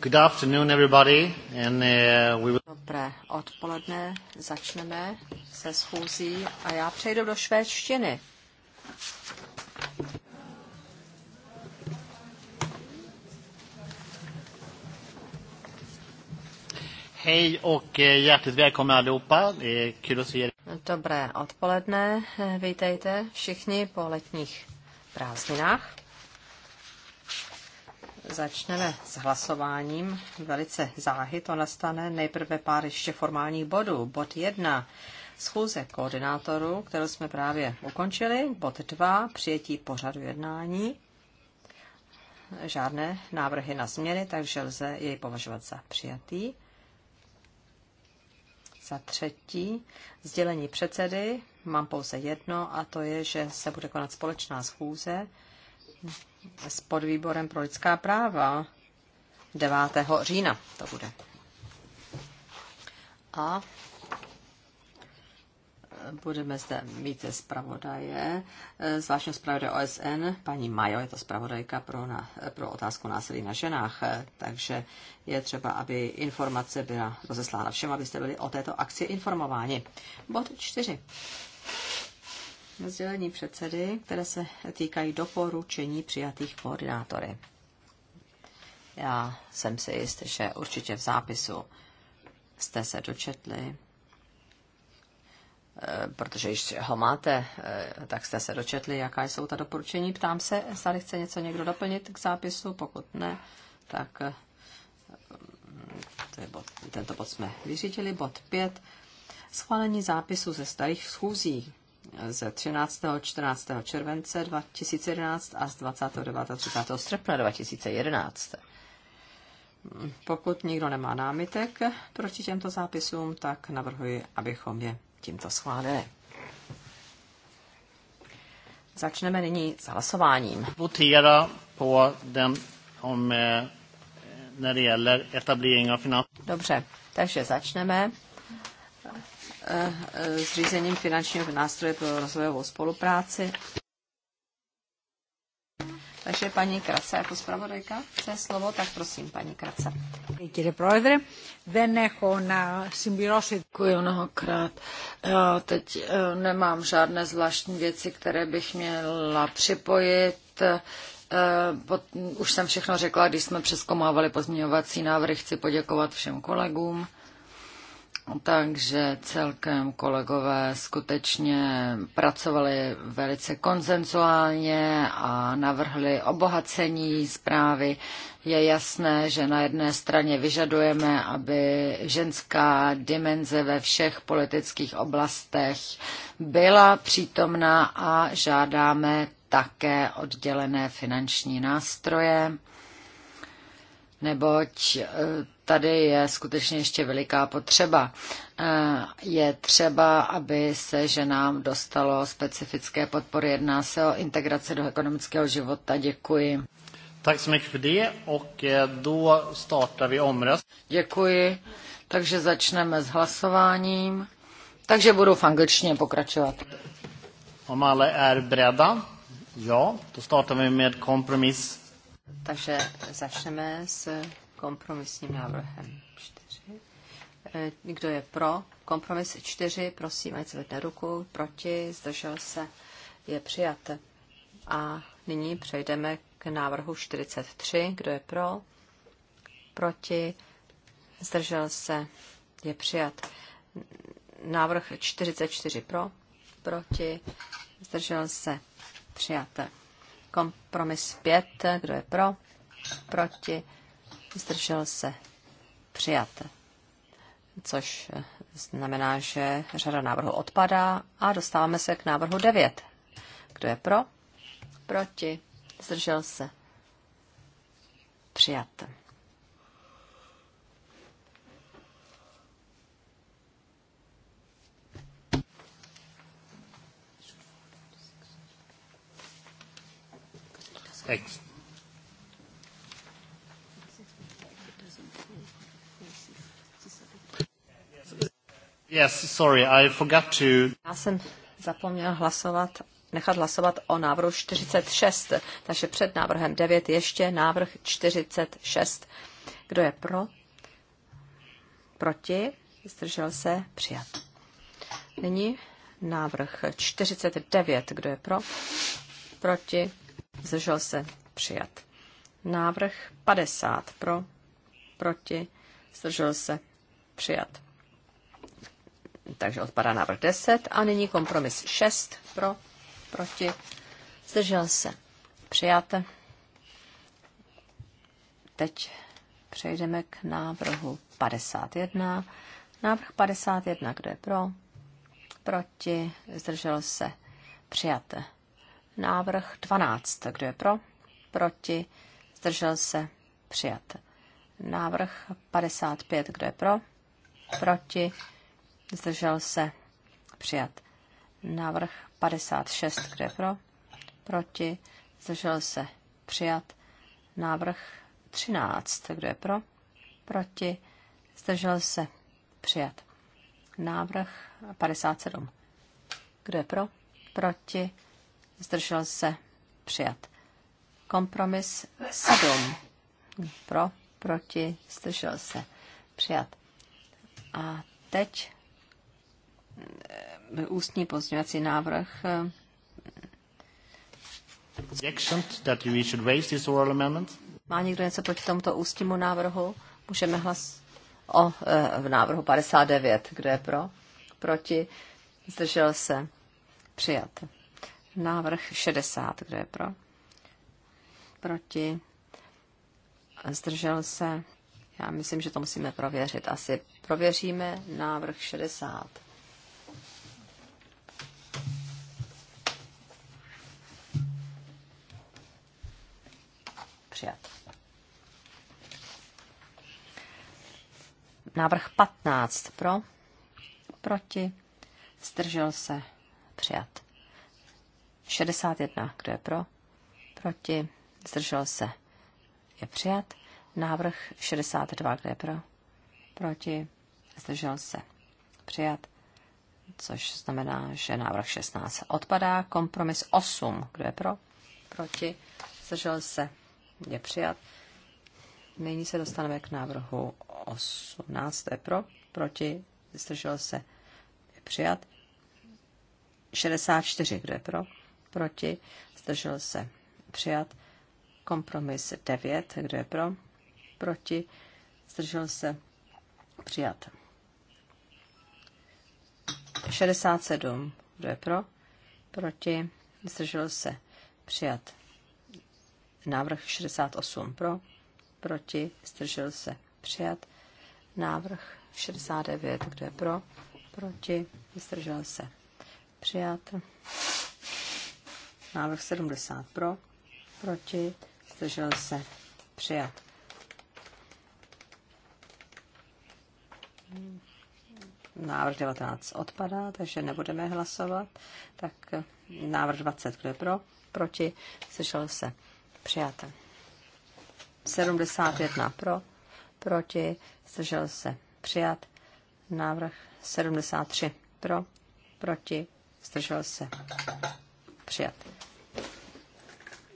Good afternoon, everybody, and uh, we will... Dobré odpoledne, začneme se schůzí a já přejdu do švédštiny. Hej och eh, hjärtligt välkomna allihopa. Det är kul att se er. Dobré odpoledne, vítejte všichni po letních prázdninách. Začneme s hlasováním. Velice záhy to nastane. Nejprve pár ještě formálních bodů. Bod 1. Schůze koordinátorů, kterou jsme právě ukončili. Bod 2. Přijetí pořadu jednání žádné návrhy na změny, takže lze jej považovat za přijatý. Za třetí, sdělení předsedy, mám pouze jedno, a to je, že se bude konat společná schůze s podvýborem pro lidská práva 9. října to bude. A budeme zde mít zpravodaje, eh, zvláštního zpravodaje OSN, paní Majo je to zpravodajka pro, na, pro otázku násilí na ženách, eh, takže je třeba, aby informace byla rozeslána všem, abyste byli o této akci informováni. Bod 4. Sdělení předsedy, které se týkají doporučení přijatých koordinátory. Já jsem si jist, že určitě v zápisu jste se dočetli, Eh, protože již ho máte, eh, tak jste se dočetli, jaká jsou ta doporučení. Ptám se, zda chce něco někdo doplnit k zápisu, pokud ne, tak eh, to je bod, tento bod jsme vyřídili. Bod 5. Schválení zápisu ze starých schůzí ze 13. 14. července 2011 a z 29. 30. srpna 2011. Pokud nikdo nemá námitek proti těmto zápisům, tak navrhuji, abychom je tímto schválili. Začneme nyní s hlasováním. Votera po den om eh, när det gäller etablering av finans... Dobře, takže začneme eh, eh, s řízením finančního nástroje pro rozvojovou spolupráci. Takže paní Krace, jako zpravodajka, chce slovo, tak prosím, paní Krace. Děkuji mnohokrát. Já teď eh, nemám žádné zvláštní věci, které bych měla připojit. Eh, už jsem všechno řekla, když jsme přeskomávali pozměňovací návrhy. Chci poděkovat všem kolegům takže celkem kolegové skutečně pracovali velice konsenzuálně a navrhli obohacení zprávy. Je jasné, že na jedné straně vyžadujeme, aby ženská dimenze ve všech politických oblastech byla přítomná a žádáme také oddělené finanční nástroje, neboť eh, tady je skutečně ještě veliká potřeba. Eh, je třeba, aby se ženám dostalo specifické podpory. Jedná se o integraci do ekonomického života. Děkuji. Tak jsme mycket för det och eh, då startar vi Děkuji. Takže začneme s hlasováním. Takže budu v angličtině pokračovat. Om alle är beredda? Ja, då startar vi med kompromiss. Takže začneme s kompromisním návrhem 4. E, kdo je pro? Kompromis 4, prosím, ať zvedne ruku. Proti, zdržel se, je přijat. A nyní přejdeme k návrhu 43. Kdo je pro? Proti, zdržel se, je přijat. Návrh 44 pro, proti, zdržel se, přijat. Kompromis 5, kdo je pro? Proti, zdržel se, přijat. Což eh, znamená, že řada návrhu odpadá a dostáváme se k návrhu 9. Kdo je pro? Proti, zdržel se, přijat. Thanks. Yes, sorry, I forgot to... Já jsem zapomněl hlasovat, nechat hlasovat o návrhu 46, takže před návrhem 9 ještě návrh 46. Kdo je pro? Proti? Zdržel se? Přijat. Nyní návrh 49. Kdo je pro? Proti? Zdržel se? Přijat. Návrh 50. Pro? Proti? Zdržel se? Přijat takže odpadá návrh 10 a nyní kompromis 6 pro, proti, zdržel se, přijat. Teď přejdeme k návrhu 51. Návrh 51, kdo je pro, proti, zdržel se, přijat. Návrh 12, kdo je pro, proti, zdržel se, přijat. Návrh 55, kdo je pro, proti, zdržel se, přijat. Návrh 56, kde je pro, proti, zdržel se, přijat. Návrh 13, kde je pro, proti, zdržel se, přijat. Návrh 57, kde je pro, proti, zdržel se, přijat. Kompromis 7, pro, proti, zdržel se, přijat. A teď ústní pozměňovací návrh. Má někdo něco proti tomuto ústnímu návrhu? Můžeme hlas o e, v návrhu 59. Kdo je pro? Proti? Zdržel se? Přijat. Návrh 60. Kdo je pro? Proti? Zdržel se? Já myslím, že to musíme prověřit. Asi prověříme návrh 60. přijat. Návrh 15 pro, proti, zdržel se, přijat. 61, kdo je pro, proti, zdržel se, je přijat. Návrh 62, kdo je pro, proti, zdržel se, přijat. Což znamená, že návrh 16 odpadá. Kompromis 8, kdo je pro, proti, zdržel se, je přijat. Nyní se dostaneme k návrhu 18. Pro, proti, zdržel se, je přijat. 64, kdo je pro, proti, zdržel se, přijat. Kompromis 9, kdo je pro, proti, zdržel se, přijat. 67, kdo je pro, proti, zdržel se, přijat. Návrh 68 pro, proti, zdržel se přijat. Návrh 69, kdo je pro, proti, zdržel se přijat. Návrh 70 pro, proti, zdržel se přijat. Návrh 19 odpadá, takže nebudeme hlasovat. Tak návrh 20, kdo je pro, proti, zdržel se Přijata. 71 pro, proti, zdržel se. Přijat. Návrh 73 pro, proti, zdržel se. Přijat.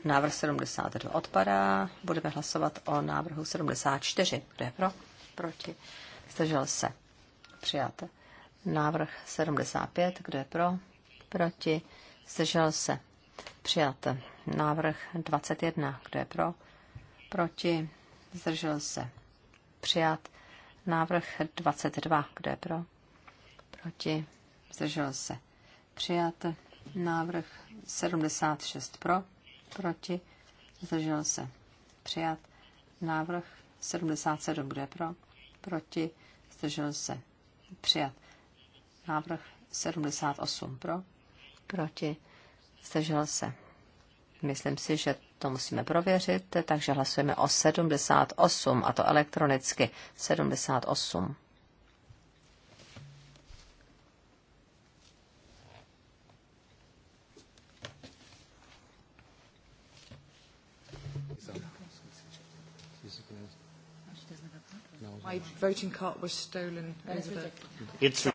Návrh 72 odpadá. Budeme hlasovat o návrhu 74. Kdo je pro? Proti. Zdržel se. Přijat. Návrh 75. Kdo je pro? Proti. Zdržel se. Přijat. Návrh 21. Kdo je pro? Proti? Zdržel se. Přijat. Návrh 22. Kdo je pro? Proti? Zdržel se. Přijat. Návrh 76 pro, proti, zdržel se. Přijat. Návrh 77, je pro, proti, zdržel se. Přijat. Návrh 78 pro, proti, Zdržel se. Myslím si, že to musíme prověřit, takže hlasujeme o 78, a to elektronicky. 78.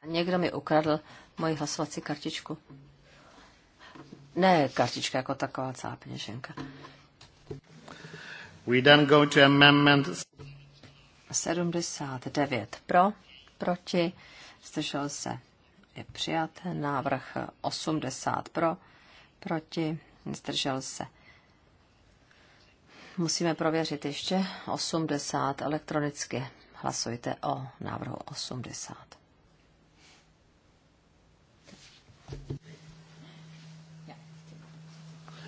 Někdo mi ukradl moji hlasovací kartičku. Ne kartička jako taková, celá peněženka. We then go to amendment 79 pro, proti, zdržel se, je přijat. Návrh 80 pro, proti, zdržel se. Musíme prověřit ještě 80 elektronicky. Hlasujte o návrhu 80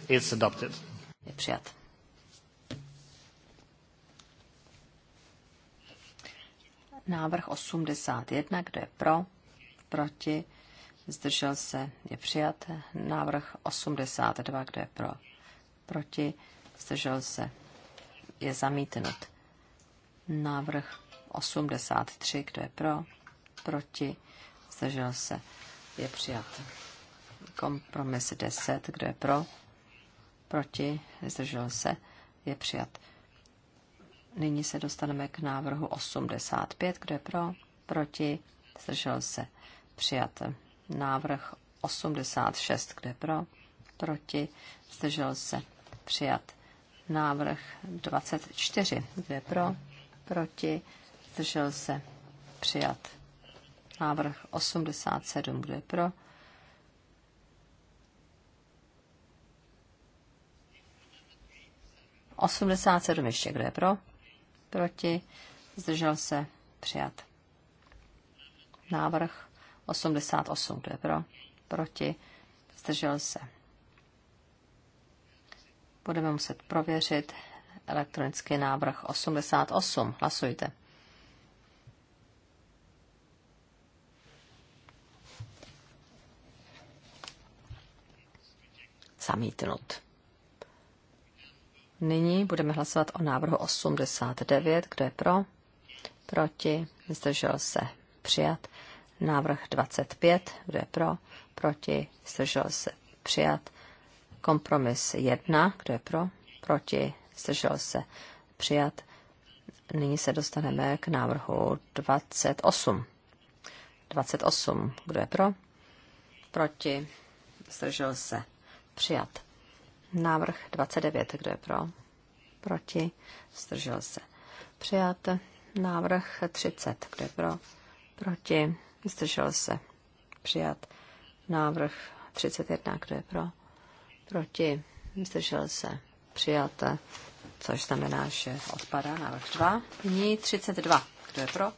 it's adopted. Je přijat. Návrh 81, kdo je pro, proti, zdržel se, je přijat. Návrh 82, kdo je pro, proti, zdržel se, je zamítnut. Návrh 83, kdo je pro, proti, zdržel se, je přijat. Kompromis 10, kdo je pro, proti, zdržel se, je přijat. Nyní se dostaneme k návrhu 85, kde pro, proti, zdržel se, přijat. Návrh 86, kde pro, proti, zdržel se, přijat. Návrh 24, kde pro, proti, zdržel se, přijat. Návrh 87, kde pro, 87 ještě, kdo je pro? Proti? Zdržel se? Přijat. Návrh 88, kdo je pro? Proti? Zdržel se? Budeme muset prověřit elektronický návrh 88. Hlasujte. Zamítnut. Nyní budeme hlasovat o návrhu 89. Kdo je pro? Proti? Zdržel se? Přijat. Návrh 25. Kdo je pro? Proti? Zdržel se? Přijat. Kompromis 1. Kdo je pro? Proti? Zdržel se? Přijat. Nyní se dostaneme k návrhu 28. 28. Kdo je pro? Proti? Zdržel se? Přijat. Návrh 29. Kdo je pro? Proti? Zdržel se. Přijat. Návrh 30. Kdo je pro? Proti? Zdržel se. Přijat. Návrh 31. Kdo je pro? Proti? Zdržel se. Přijat. Což znamená, že odpadá návrh 2. Nyní 32. Kdo je pro?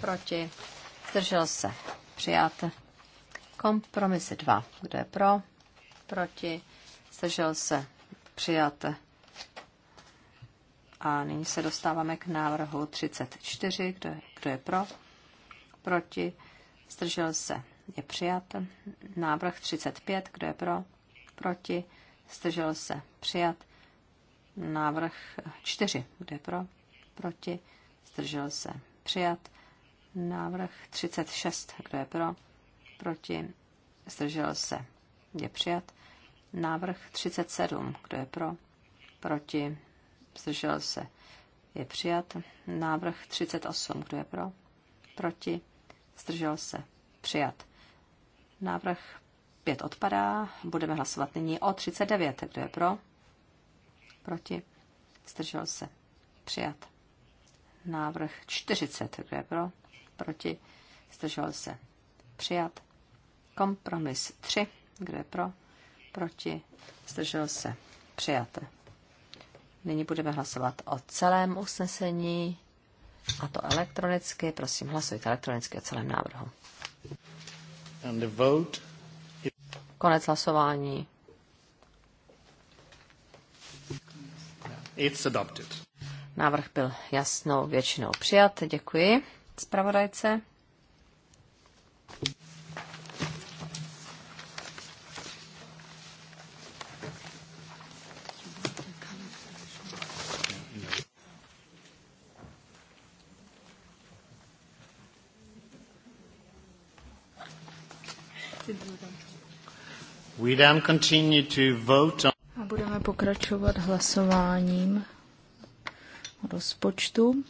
Proti? Zdržel se. Přijat. Kompromisy 2. Kdo je pro? Proti? zdržel se, přijate. A nyní se dostáváme k návrhu 34, kdo je, kdo je pro, proti, zdržel se, je přijat. Návrh 35, kdo je pro, proti, zdržel se, přijat. Návrh 4, kdo je pro, proti, zdržel se, přijat. Návrh 36, kdo je pro, proti, zdržel se, je přijat. Návrh 37. Kdo je pro? Proti? Zdržel se. Je přijat. Návrh 38. Kdo je pro? Proti? Zdržel se. Přijat. Návrh 5 odpadá. Budeme hlasovat nyní o 39. Kdo je pro? Proti? Zdržel se. Přijat. Návrh 40. Kdo je pro? Proti? Zdržel se. Přijat. Kompromis 3. Kdo je pro? proti, zdržel se, přijaté. Nyní budeme hlasovat o celém usnesení, a to elektronicky. Prosím, hlasujte elektronicky o celém návrhu. And the vote is... Konec hlasování. It's adopted. Návrh byl jasnou většinou přijat. Děkuji. Zpravodajce. We then continue to vote on... A budeme pokračovat hlasováním rozpočtu.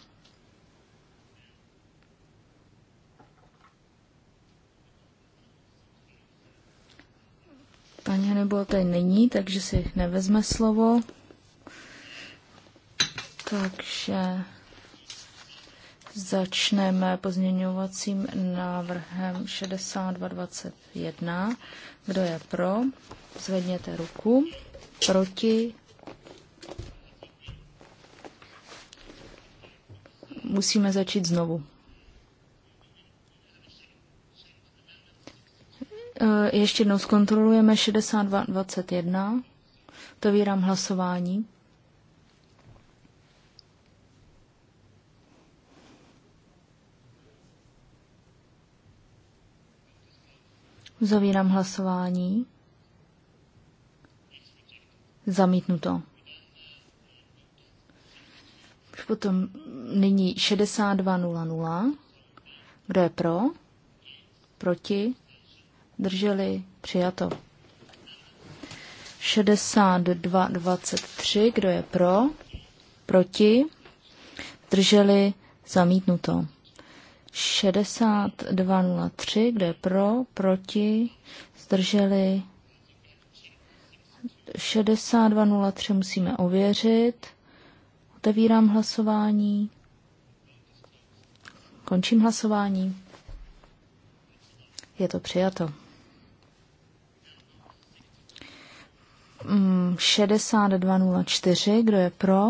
Paní nebo tady není, takže si nevezme slovo. Takže Začneme pozměňovacím návrhem 6221. Kdo je pro? Zvedněte ruku. Proti? Musíme začít znovu. E, ještě jednou zkontrolujeme 6221. to vírám hlasování. Zavírám hlasování. Zamítnuto. Potom nyní 62.00. Kdo je pro? Proti? Drželi? Přijato. 62.23. Kdo je pro? Proti? Drželi? Zamítnuto. 6203, kde je pro, proti, zdrželi. 6203 musíme ověřit. Otevírám hlasování. Končím hlasování. Je to přijato. 6204, mm, kdo je pro?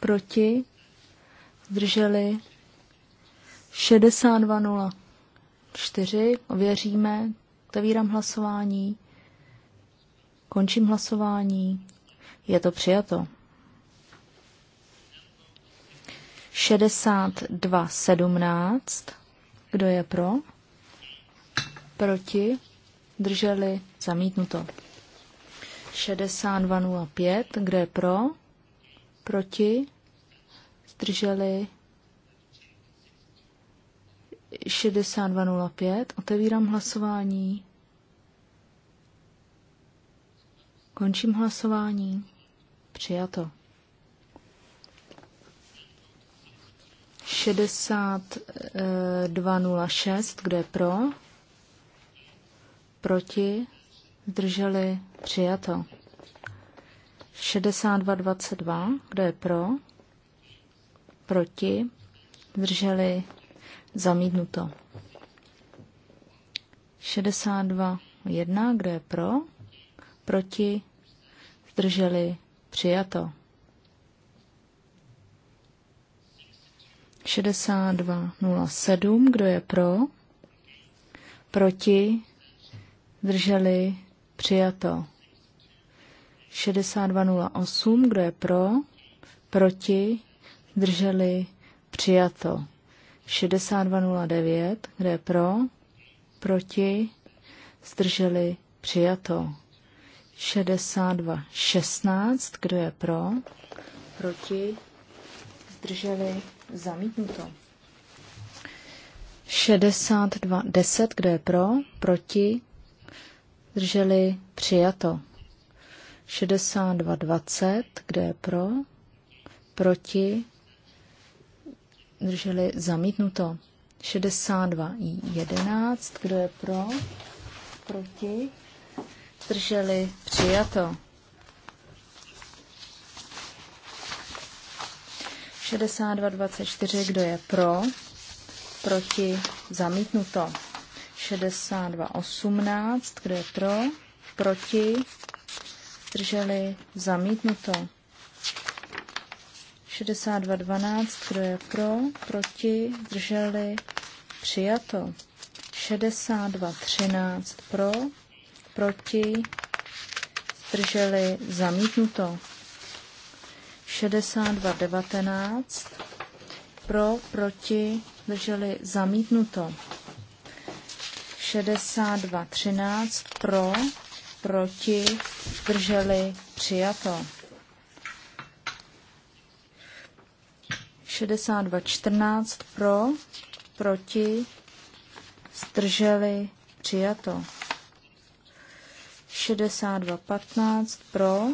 Proti? Zdrželi? 62.04. Ověříme. Otevírám hlasování. Končím hlasování. Je to přijato. 62.17. Kdo je pro? Proti? Drželi? Zamítnuto. 62.05. Kdo je pro? Proti? Zdrželi? 6205. Otevírám hlasování. Končím hlasování. Přijato. 6206, kde je pro? Proti? Zdrželi? Přijato. 6222, kde je pro? Proti? Zdrželi? Zamítnuto. 62, 1, kdo je pro? Proti? Zdrželi? Přijato. 6207, kdo je pro? Proti? Zdrželi? Přijato. 6208, kdo je pro? Proti? Zdrželi? Přijato. 6209, kde je pro, proti, zdrželi, přijato. 6216, kdo je pro, proti, zdrželi, zamítnuto. 6210, kdo je pro, proti, zdrželi, přijato. 6220, kdo je pro, proti, drželi zamítnuto. 62 11, kdo je pro, proti, drželi přijato. 62 24, kdo je pro, proti, zamítnuto. 62 18, kdo je pro, proti, drželi zamítnuto. 62.12, kdo je pro, proti, drželi, přijato. 62.13 pro, proti, drželi, zamítnuto. 62.19 pro, proti, drželi, zamítnuto. 62.13 pro, proti, drželi, přijato. 62 14 pro, proti, zdrželi, přijato. 62 15 pro,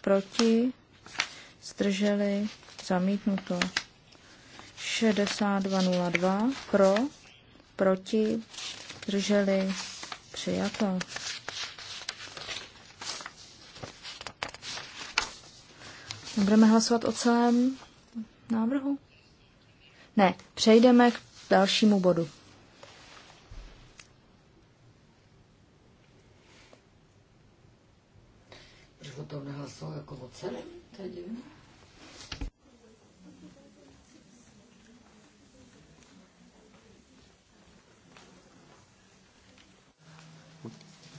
proti, zdrželi, zamítnuto. 62 02 pro, proti, zdrželi, přijato. Budeme hlasovat o celém návrhu. Ne, přejdeme k dalšímu bodu. Proč o nehlasoval jako o celém? To je divné.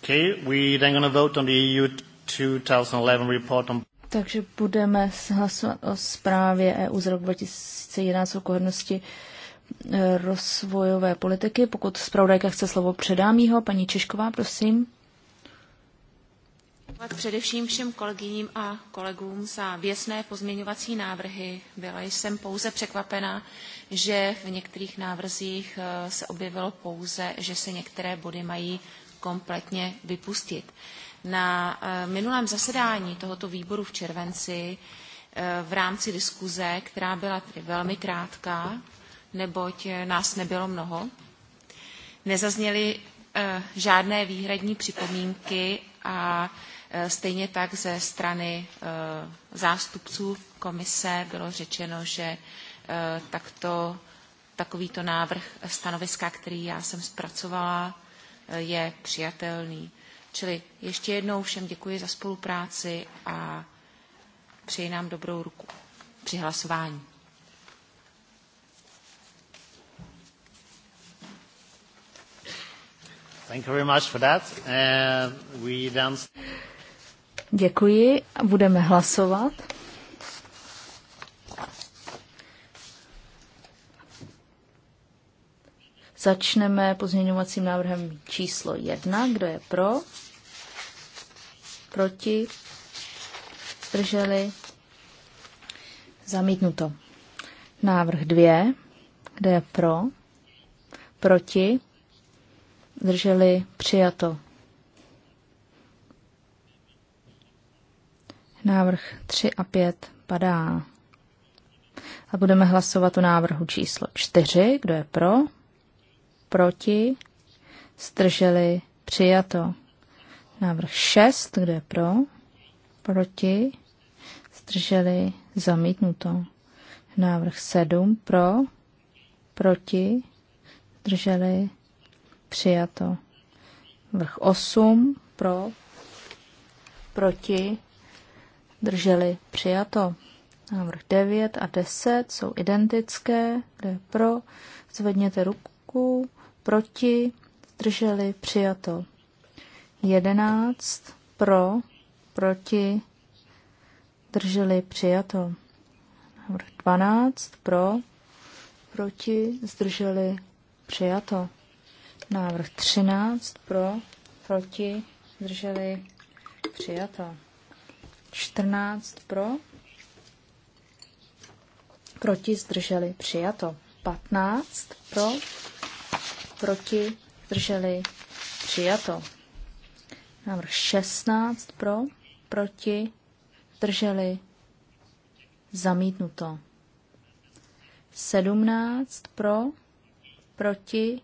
Okay, we then going to vote on the EU 2011 report on takže budeme hlasovat o zprávě EU z roku 2011 o kohernosti e, rozvojové politiky. Pokud zpravodajka chce slovo, předám jího. Paní Češková, prosím. Především všem kolegyním a kolegům za věsné pozměňovací návrhy. Byla jsem pouze překvapena, že v některých návrzích e, se objevilo pouze, že se některé body mají kompletně vypustit. Na eh, minulém zasedání tohoto výboru v červenci eh, v rámci diskuze, která byla tedy velmi krátká, neboť eh, nás nebylo mnoho, nezazněly žádné výhradní připomínky a stejně tak ze strany zástupců komise bylo řečeno, že takto, takovýto návrh stanoviska, který já jsem zpracovala, je přijatelný. Čili ještě jednou všem děkuji za spolupráci a přeji nám dobrou ruku při hlasování. Thank you very much for that. Uh, we dance. Děkuji a budeme hlasovat. Začneme pozměňovacím návrhem číslo 1. Kdo je pro? Proti? Zdrželi? Zamítnuto. Návrh 2. Kdo je pro? Proti? Zdrželi? Přijato. Návrh 3 a 5 padá. A budeme hlasovat o návrhu číslo 4. Kdo je pro? proti, zdrželi, přijato. Návrh 6, kde je pro, proti, zdrželi, zamítnuto. Návrh 7, pro, proti, zdrželi, přijato. Vrch 8, pro, proti, drželi, přijato. Návrh 9 a 10 jsou identické, kde je pro, zvedněte ruku, proti, zdrželi, přijato. 11 pro, proti, zdrželi, přijato. Návrh 12 pro, proti, zdrželi, přijato. Návrh 13 pro, proti, zdrželi, přijato. 14 pro, proti, zdrželi, přijato. 15 pro, proti, drželi přijato. Návrh 16 pro, proti, drželi zamítnuto. 17 pro, proti,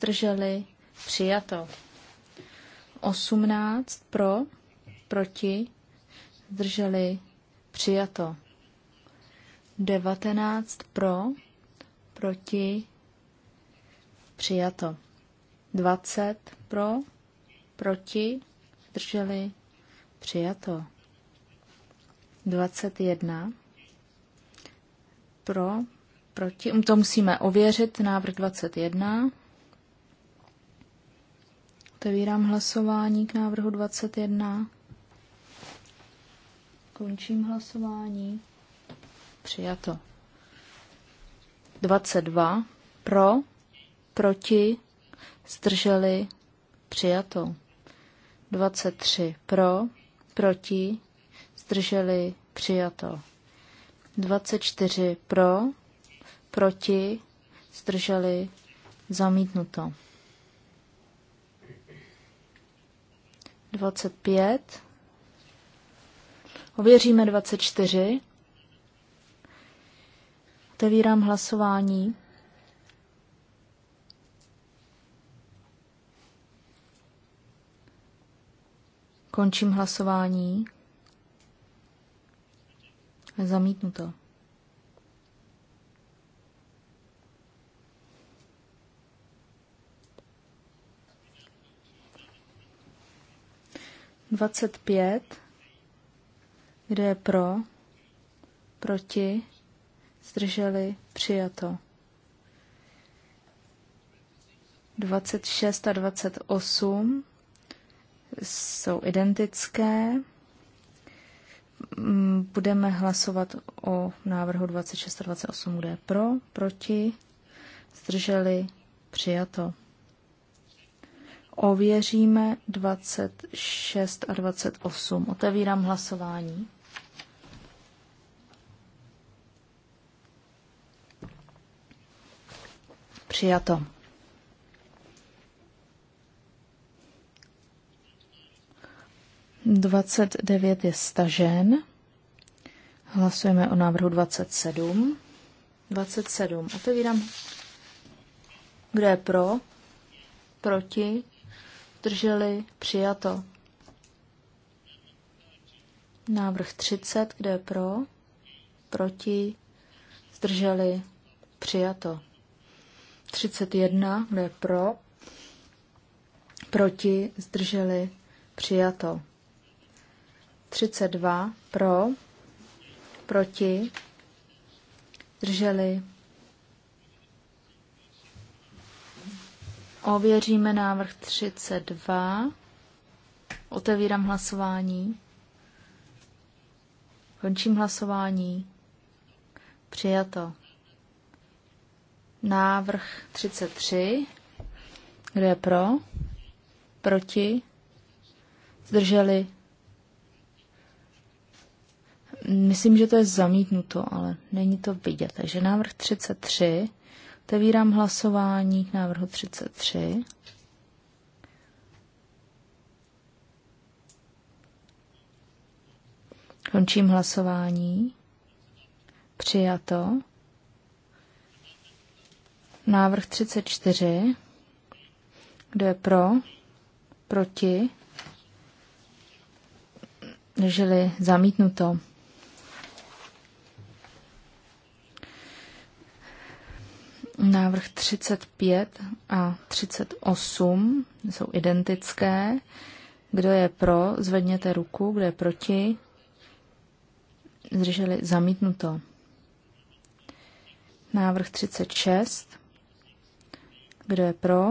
drželi přijato. 18 pro, proti, drželi přijato. 19 pro, proti, Přijato. 20 pro, proti, zdrželi, přijato. 21 pro, proti, um, to musíme ověřit, návrh 21. Otevírám hlasování k návrhu 21. Končím hlasování. Přijato. 22 pro, proti, zdrželi, přijato. 23 pro, proti, zdrželi, přijato. 24 pro, proti, zdrželi, zamítnuto. 25. Ověříme 24. Otevírám hlasování. Končím hlasování. Zamítnuto. Dvacet pět. Kde je pro? Proti? Zdrželi? Přijato. 26 a 28 jsou identické. Mm, budeme hlasovat o návrhu 26 a 28, kde je pro, proti, zdrželi, přijato. Ověříme 26 a 28. Otevírám hlasování. Přijato. 29 je stažen. Hlasujeme o návrhu 27. 27. Otevírám. Kdo je pro? Proti? Drželi? Přijato. Návrh 30. Kdo je pro? Proti? Zdrželi? Přijato. 31. Kdo je pro? Proti? Zdrželi? Přijato. 32 pro, proti, drželi. Ověříme návrh 32. Otevírám hlasování. Končím hlasování. Přijato. Návrh 33. Kdo je pro? Proti? Zdrželi? Myslím, že to je zamítnuto, ale není to vidět. Takže návrh 33. Otevírám hlasování k návrhu 33. Končím hlasování. Přijato. Návrh 34. Kdo je pro? Proti? Drželi zamítnuto. Návrh 35 a 38 jsou identické. Kdo je pro, zvedněte ruku. Kdo je proti, zdrželi zamítnuto. Návrh 36. Kdo je pro,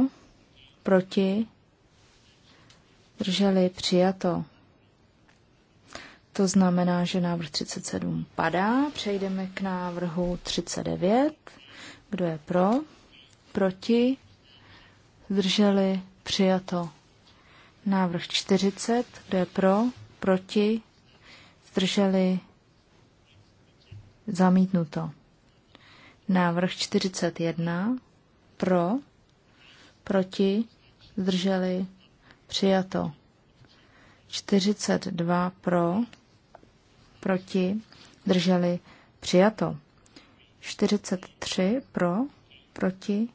proti, zdrželi přijato. To znamená, že návrh 37 padá. Přejdeme k návrhu 39. Kdo je pro? Proti? Zdrželi? Přijato. Návrh 40. Kdo je pro? Proti? Zdrželi? Zamítnuto. Návrh 41. Pro? Proti? Zdrželi? Přijato. 42 pro, proti, drželi, přijato. 43 pro, proti,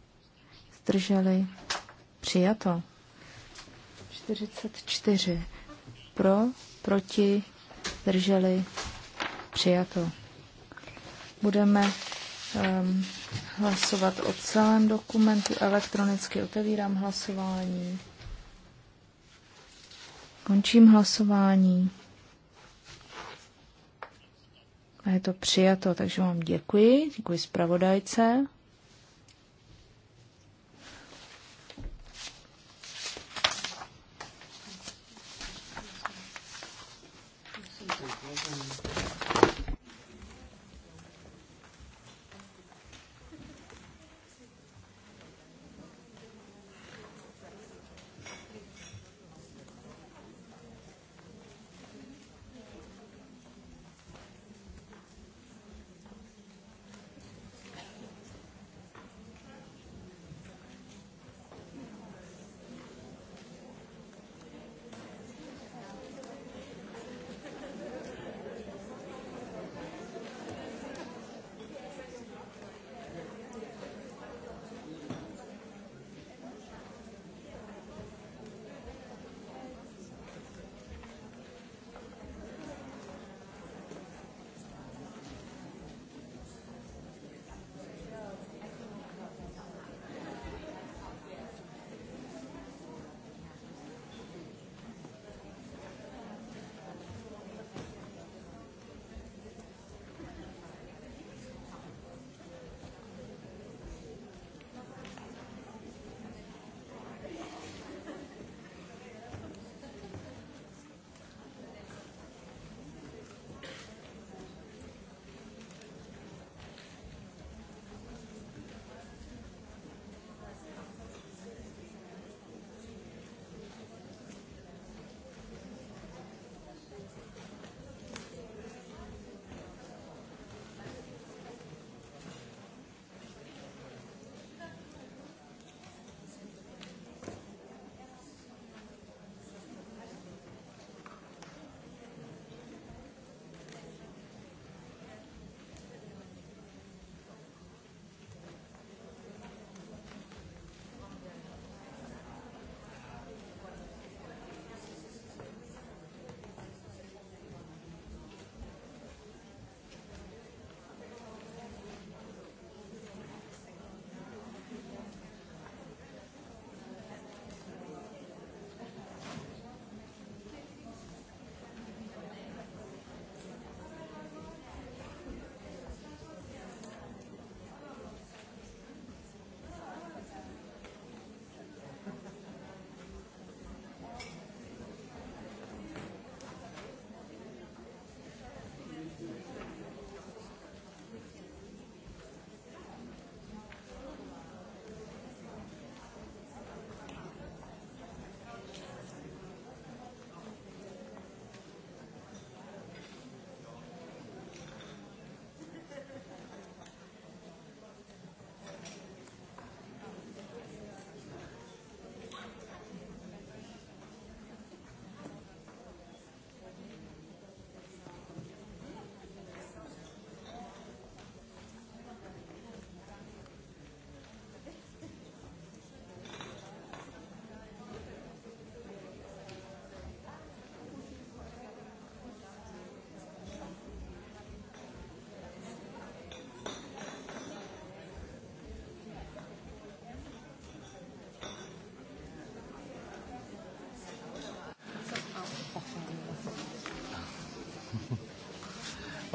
zdrželi, přijato. 44 pro, proti, zdrželi, přijato. Budeme um, hlasovat o celém dokumentu elektronicky. Otevírám hlasování. Končím hlasování. A je to přijato, takže vám děkuji. Děkuji zpravodajce.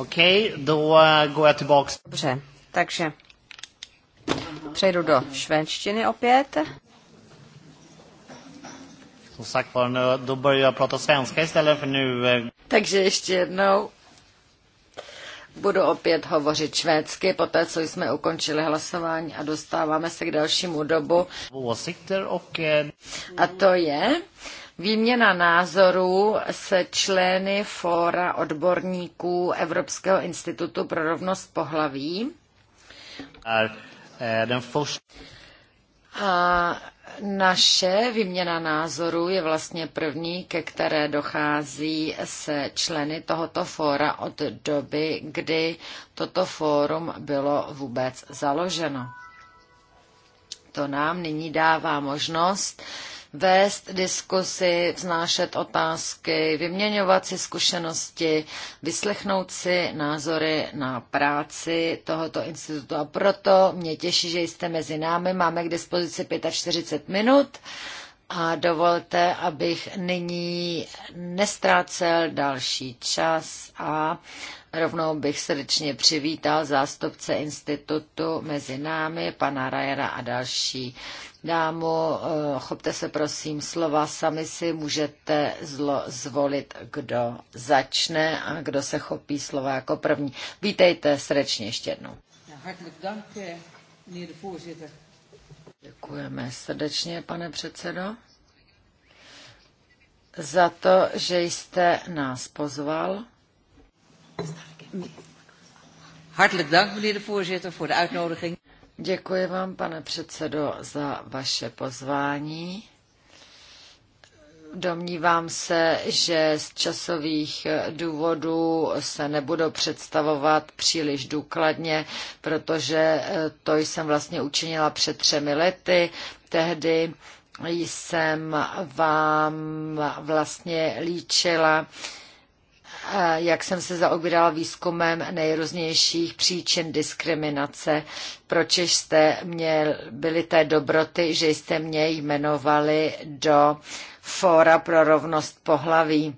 Uh, Dobře, takže přejdu do švédštiny opět. Som sagt var, då börjar jag prata svenska istället för nu... Eh. Takže ještě jednou. Budu opět hovořit švédsky, poté co jsme ukončili hlasování a dostáváme se k dalšímu dobu. Eh, a to je Výměna názorů se členy fóra odborníků Evropského institutu pro rovnost pohlaví. Eh, A naše výměna názorů je vlastně první, ke které dochází se členy tohoto fóra od doby, kdy toto fórum bylo vůbec založeno. To nám nyní dává možnost vést diskusy, vznášet otázky, vyměňovat si zkušenosti, vyslechnout si názory na práci tohoto institutu. A proto mě těší, že jste mezi námi. Máme k dispozici 45 minut. A dovolte, abych nyní nestrácel další čas a rovnou bych srdečně přivítal zástupce institutu mezi námi, pana Rajera a další Dámo, eh, chopte se prosím slova, sami si můžete zlo zvolit, kdo začne a kdo se chopí slova jako první. Vítejte srdečně ještě jednou. Eh, Děkujeme srdečně, pane předsedo, za to, že jste nás pozval. Hartelijk dank, meneer de voorzitter, voor de uitnodiging. Děkuji vám, pane předsedo, za vaše pozvání. Domnívám se, že z časových důvodů se nebudu představovat příliš důkladně, protože eh, to jsem vlastně učinila před třemi lety. Tehdy jsem vám vlastně líčila Eh, jak jsem se zaobírala výzkumem nejrůznějších příčin diskriminace, proč jste mě byli té dobroty, že jste mě jmenovali do Fóra pro rovnost pohlaví.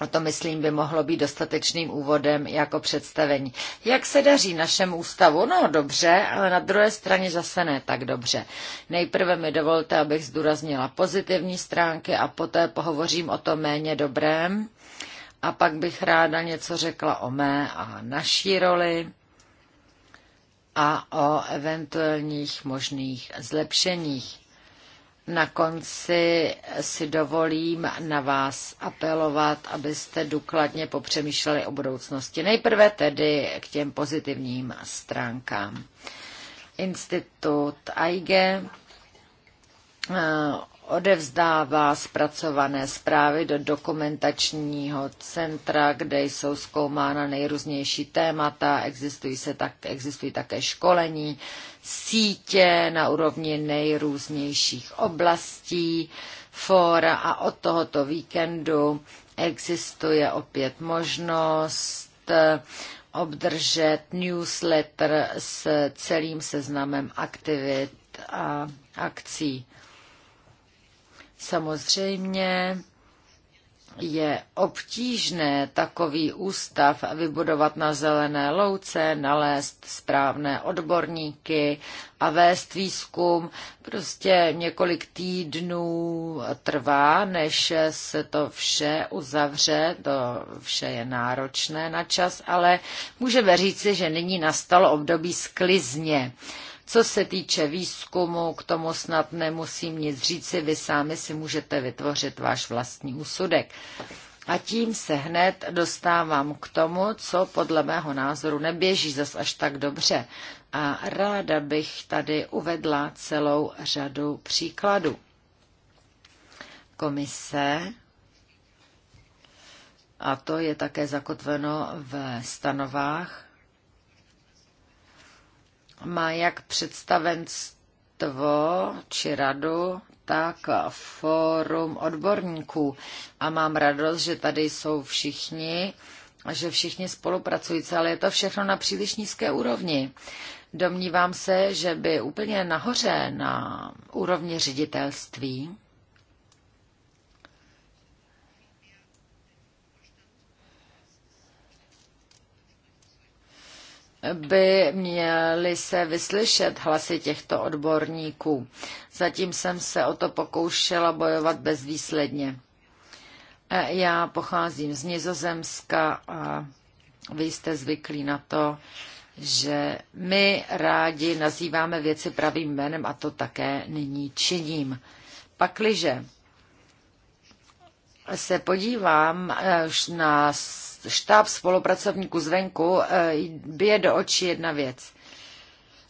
A to, myslím, by mohlo být dostatečným úvodem jako představení. Jak se daří našemu ústavu? No dobře, ale na druhé straně zase ne tak dobře. Nejprve mi dovolte, abych zdůraznila pozitivní stránky a poté pohovořím o tom méně dobrém a pak bych ráda něco řekla o mé a naší roli a o eventuálních možných zlepšeních. Na konci si dovolím na vás apelovat, abyste důkladně popřemýšleli o budoucnosti. Nejprve tedy k těm pozitivním stránkám. Institut AIGE odevzdává zpracované zprávy do dokumentačního centra, kde jsou zkoumána nejrůznější témata, existují, se tak, existují také školení, sítě na úrovni nejrůznějších oblastí, fora a od tohoto víkendu existuje opět možnost obdržet newsletter s celým seznamem aktivit a akcí. Samozřejmě je obtížné takový ústav vybudovat na zelené louce, nalézt správné odborníky a vést výzkum. Prostě několik týdnů trvá, než se to vše uzavře. To vše je náročné na čas, ale můžeme říci, že nyní nastalo období sklizně. Co se týče výzkumu, k tomu snad nemusím nic říci, vy sami si můžete vytvořit váš vlastní úsudek. A tím se hned dostávám k tomu, co podle mého názoru neběží zas až tak dobře. A ráda bych tady uvedla celou řadu příkladů. Komise, a to je také zakotveno v stanovách, má jak představenstvo či radu, tak fórum odborníků. A mám radost, že tady jsou všichni a že všichni spolupracují, ale je to všechno na příliš nízké úrovni. Domnívám se, že by úplně nahoře na úrovni ředitelství by měly se vyslyšet hlasy těchto odborníků. Zatím jsem se o to pokoušela bojovat bezvýsledně. E, já pocházím z Nizozemska a vy jste zvyklí na to, že my rádi nazýváme věci pravým jménem a to také nyní činím. Pakliže se podívám e, na štáb spolupracovníků zvenku, eh, bije do očí jedna věc.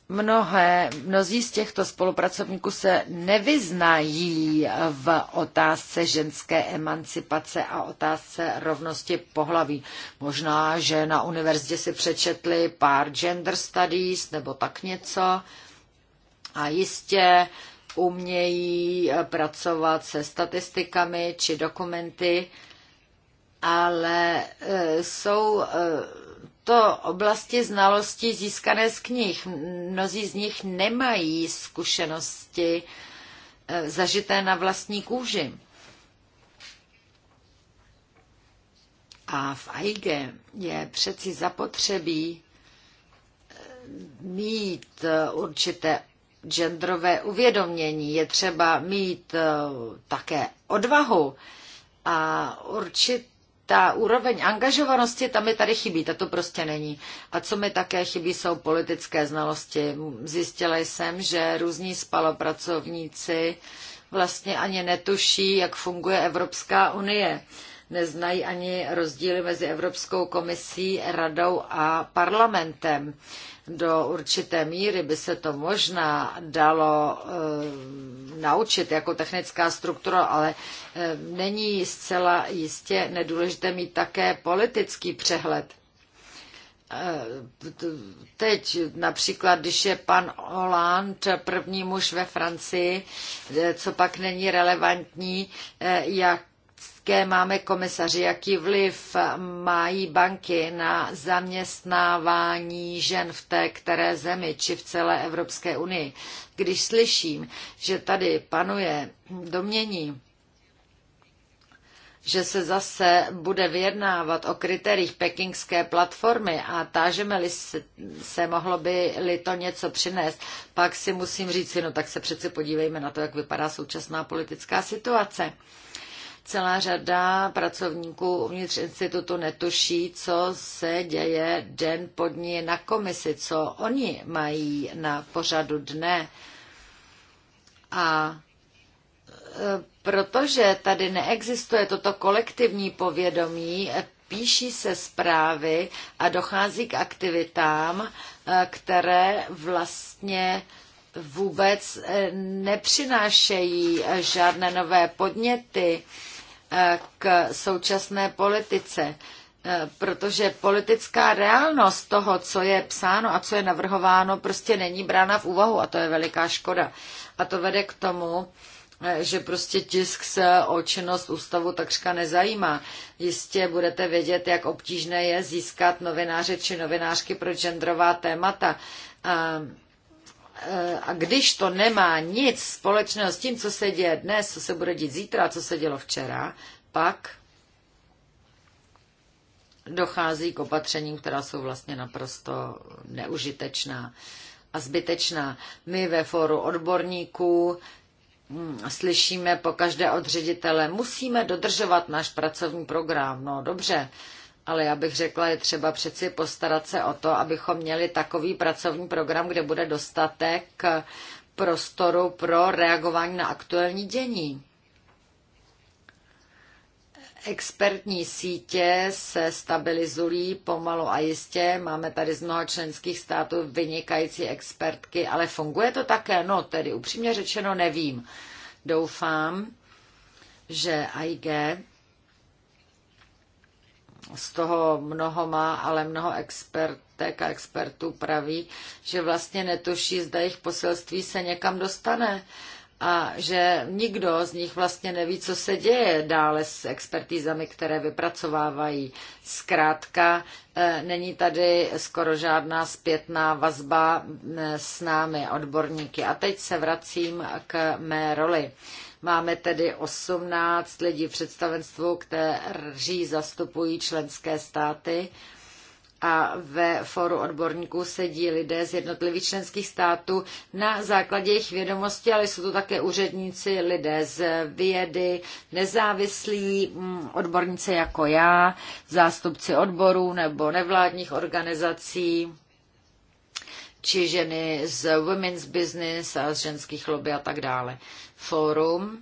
Mnohé, mnozí z těchto spolupracovníků se nevyznají v otázce ženské emancipace a otázce rovnosti pohlaví. Možná, že na univerzitě si přečetli pár gender studies nebo tak něco a jistě umějí pracovat se statistikami či dokumenty, ale e, jsou e, to oblasti znalostí získané z knih. Mnozí z nich nemají zkušenosti e, zažité na vlastní kůži. A v AIGE je přeci zapotřebí mít určité genderové uvědomění. Je třeba mít také odvahu a určit ta úroveň angažovanosti, tam mi tady chybí, ta to prostě není. A co mi také chybí, jsou politické znalosti. Zjistila jsem, že různí spalopracovníci vlastně ani netuší, jak funguje Evropská unie. Neznají ani rozdíly mezi Evropskou komisí, radou a parlamentem do určité míry by se to možná dalo e, naučit jako technická struktura, ale e, není zcela jistě nedůležité mít také politický přehled. Eh, teď například, když je pan Hollande první muž ve Francii, co pak není relevantní, jak jaké máme komisaři, jaký vliv mají banky na zaměstnávání žen v té které zemi či v celé Evropské unii. Když slyším, že tady panuje domění, že se zase bude vyjednávat o kritériích pekingské platformy a tážeme-li se, se mohlo by-li to něco přinést, pak si musím říct, no tak se přece podívejme na to, jak vypadá současná politická situace. Celá řada pracovníků uvnitř institutu netuší, co se děje den po dní na komisi, co oni mají na pořadu dne. A e, protože tady neexistuje toto kolektivní povědomí, píší se zprávy a dochází k aktivitám, e, které vlastně vůbec e, nepřinášejí žádné nové podněty k současné politice, eh, protože politická reálnost toho, co je psáno a co je navrhováno, prostě není brána v úvahu a to je veliká škoda. A to vede k tomu, eh, že prostě tisk se o činnost ústavu takřka nezajímá. Jistě budete vědět, jak obtížné je získat novináře či novinářky pro genderová témata. Eh, a když to nemá nic společného s tím, co se děje dnes, co se bude dít zítra, co se dělo včera, pak dochází k opatřením, která jsou vlastně naprosto neužitečná a zbytečná. My ve fóru odborníků hm, slyšíme po každé od ředitele, musíme dodržovat náš pracovní program. No dobře, ale já bych řekla, je třeba přeci postarat se o to, abychom měli takový pracovní program, kde bude dostatek prostoru pro reagování na aktuální dění. Expertní sítě se stabilizují pomalu a jistě. Máme tady z mnoha členských států vynikající expertky, ale funguje to také? No, tedy upřímně řečeno nevím. Doufám, že IG z toho mnoho má, ale mnoho expertek a expertů praví, že vlastně netuší, zda jejich poselství se někam dostane a že nikdo z nich vlastně neví, co se děje dále s expertízami, které vypracovávají. Zkrátka, eh, není tady skoro žádná zpětná vazba eh, s námi, odborníky. A teď se vracím k mé roli. Máme tedy 18 lidí v představenstvu, kteří zastupují členské státy a ve fóru odborníků sedí lidé z jednotlivých členských států na základě jejich vědomostí, ale jsou to také úředníci, lidé z vědy, nezávislí mm, odborníci jako já, zástupci odborů nebo nevládních organizací či ženy z women's business a z ženských lobby a tak dále. Fórum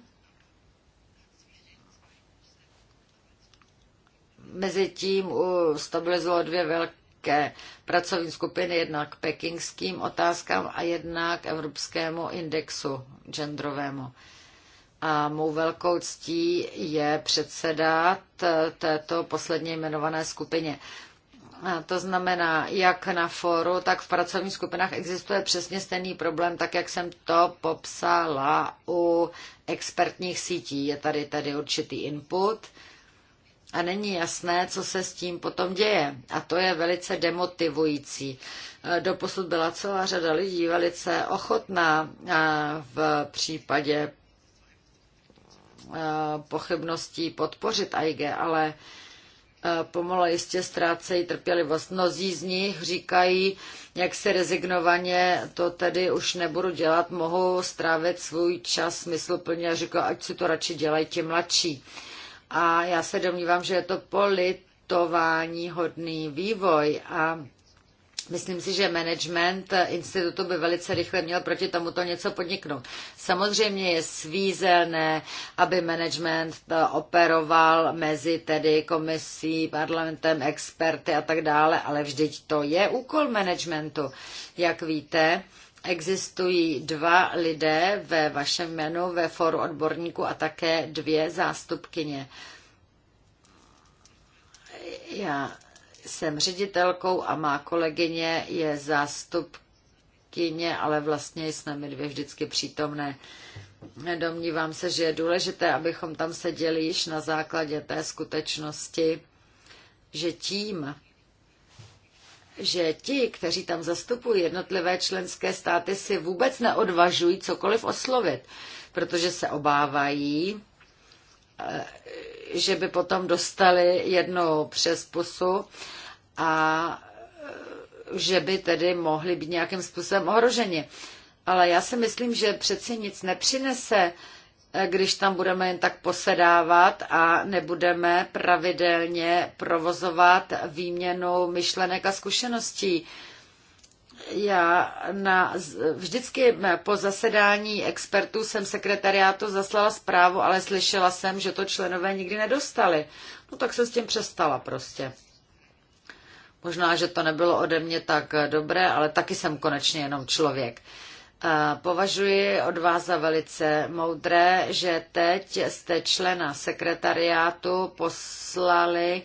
mezi tím stabilizovalo dvě velké pracovní skupiny, jednak pekingským otázkám a jednak evropskému indexu genderovému. A mou velkou ctí je předsedat eh, této posledně jmenované skupině. To znamená, jak na fóru, tak v pracovních skupinách existuje přesně stejný problém, tak jak jsem to popsala u expertních sítí. Je tady tady určitý input a není jasné, co se s tím potom děje. A to je velice demotivující. Doposud byla celá řada lidí velice ochotná v případě pochybností podpořit AIG, ale pomalu jistě ztrácejí trpělivost. Mnozí z nich říkají, jak se rezignovaně to tedy už nebudu dělat, mohu strávit svůj čas smysluplně a říkají, ať si to radši dělají ti mladší. A já se domnívám, že je to politování hodný vývoj a Myslím si, že management institutu by velice rychle měl proti tomuto něco podniknout. Samozřejmě je svízelné, aby management operoval mezi tedy komisí, parlamentem, experty a tak dále, ale vždyť to je úkol managementu. Jak víte, existují dva lidé ve vašem jménu, ve foru odborníků a také dvě zástupkyně. Já jsem ředitelkou a má kolegyně je zástupkyně, ale vlastně s námi dvě vždycky přítomné. Domnívám se, že je důležité, abychom tam seděli již na základě té skutečnosti, že tím, že ti, kteří tam zastupují jednotlivé členské státy, si vůbec neodvažují cokoliv oslovit, protože se obávají, eh, že by potom dostali jednou přes pusu a že by tedy mohli být nějakým způsobem ohroženi. Ale já si myslím, že přeci nic nepřinese, eh, když tam budeme jen tak posedávat a nebudeme pravidelně provozovat výměnu myšlenek a zkušeností. Já na, vždycky po zasedání expertů jsem sekretariátu zaslala zprávu, ale slyšela jsem, že to členové nikdy nedostali. No tak jsem s tím přestala prostě. Možná, že to nebylo ode mě tak eh, dobré, ale taky jsem konečně jenom člověk. Eh, považuji od vás za velice moudré, že teď jste člena sekretariátu poslali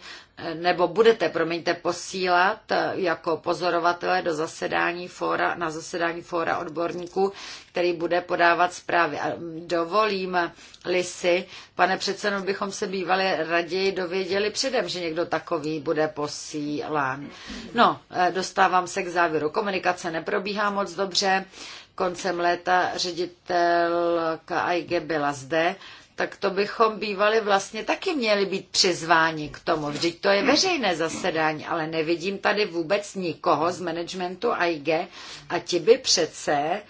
nebo budete, promiňte, posílat eh, jako pozorovatele do zasedání fóra, na zasedání fóra odborníků, který bude podávat zprávy. Mm, dovolím lisy. Pane předsedo, bychom se bývali raději dověděli předem, že někdo takový bude posílán. No, eh, dostávám se k závěru. Komunikace neprobíhá moc dobře. Koncem léta ředitelka AIG byla zde tak to bychom bývali vlastně taky měli být přizváni k tomu. Vždyť to je veřejné zasedání, ale nevidím tady vůbec nikoho z managementu AIG a ti by přece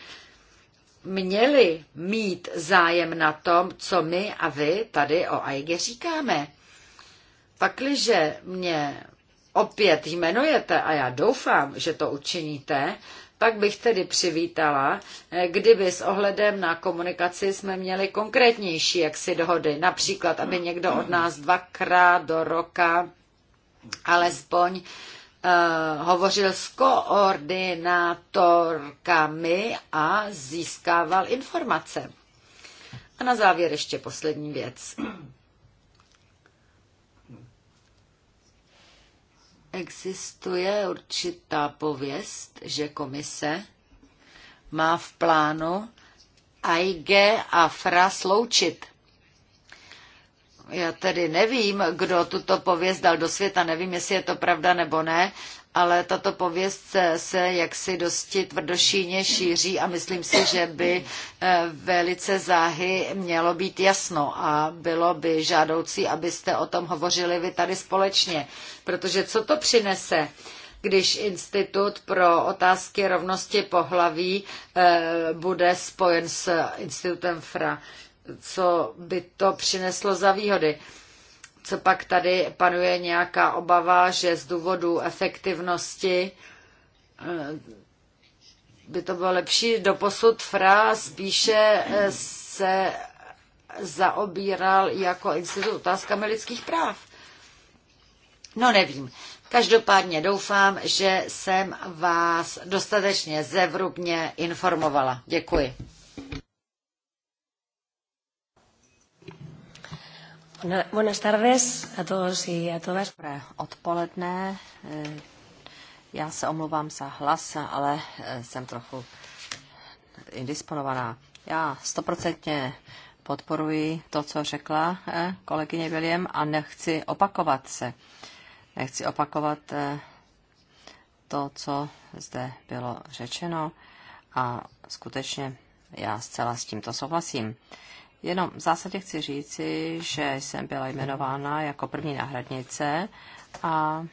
měli mít zájem na tom, co my a vy tady o AIG říkáme. Pakliže mě opět jmenujete, a já doufám, že to učiníte, pak bych tedy přivítala, eh, kdyby s ohledem na komunikaci jsme měli konkrétnější jaksi dohody. Například, aby někdo od nás dvakrát do roka alespoň eh, hovořil s koordinátorkami a získával informace. A na závěr ještě poslední věc. Existuje určitá pověst, že komise má v plánu AIG a FRA sloučit. Já tedy nevím, kdo tuto pověst dal do světa, nevím, jestli je to pravda nebo ne, ale tato pověst se jaksi dosti tvrdošíně šíří a myslím si, že by eh, velice záhy mělo být jasno a bylo by žádoucí, abyste o tom hovořili vy tady společně, protože co to přinese? když Institut pro otázky rovnosti pohlaví eh, bude spojen s Institutem FRA. Co by to přineslo za výhody? co pak tady panuje nějaká obava, že z důvodu efektivnosti eh, by to bylo lepší. Doposud FRA spíše eh, se zaobíral jako institut otázkami lidských práv. No nevím. Každopádně doufám, že jsem vás dostatečně zevrubně informovala. Děkuji. No, buenas tardes a todos y a todas. Dobré odpoledne. Eh, já se omluvám za hlas, ale eh, jsem trochu indisponovaná. Já stoprocentně podporuji to, co řekla eh, kolegyně William a nechci opakovat se. Nechci opakovat to, co zde bylo řečeno a skutečně já zcela s tímto souhlasím. Jenom v zásadě chci říci, že jsem byla jmenována jako první náhradnice a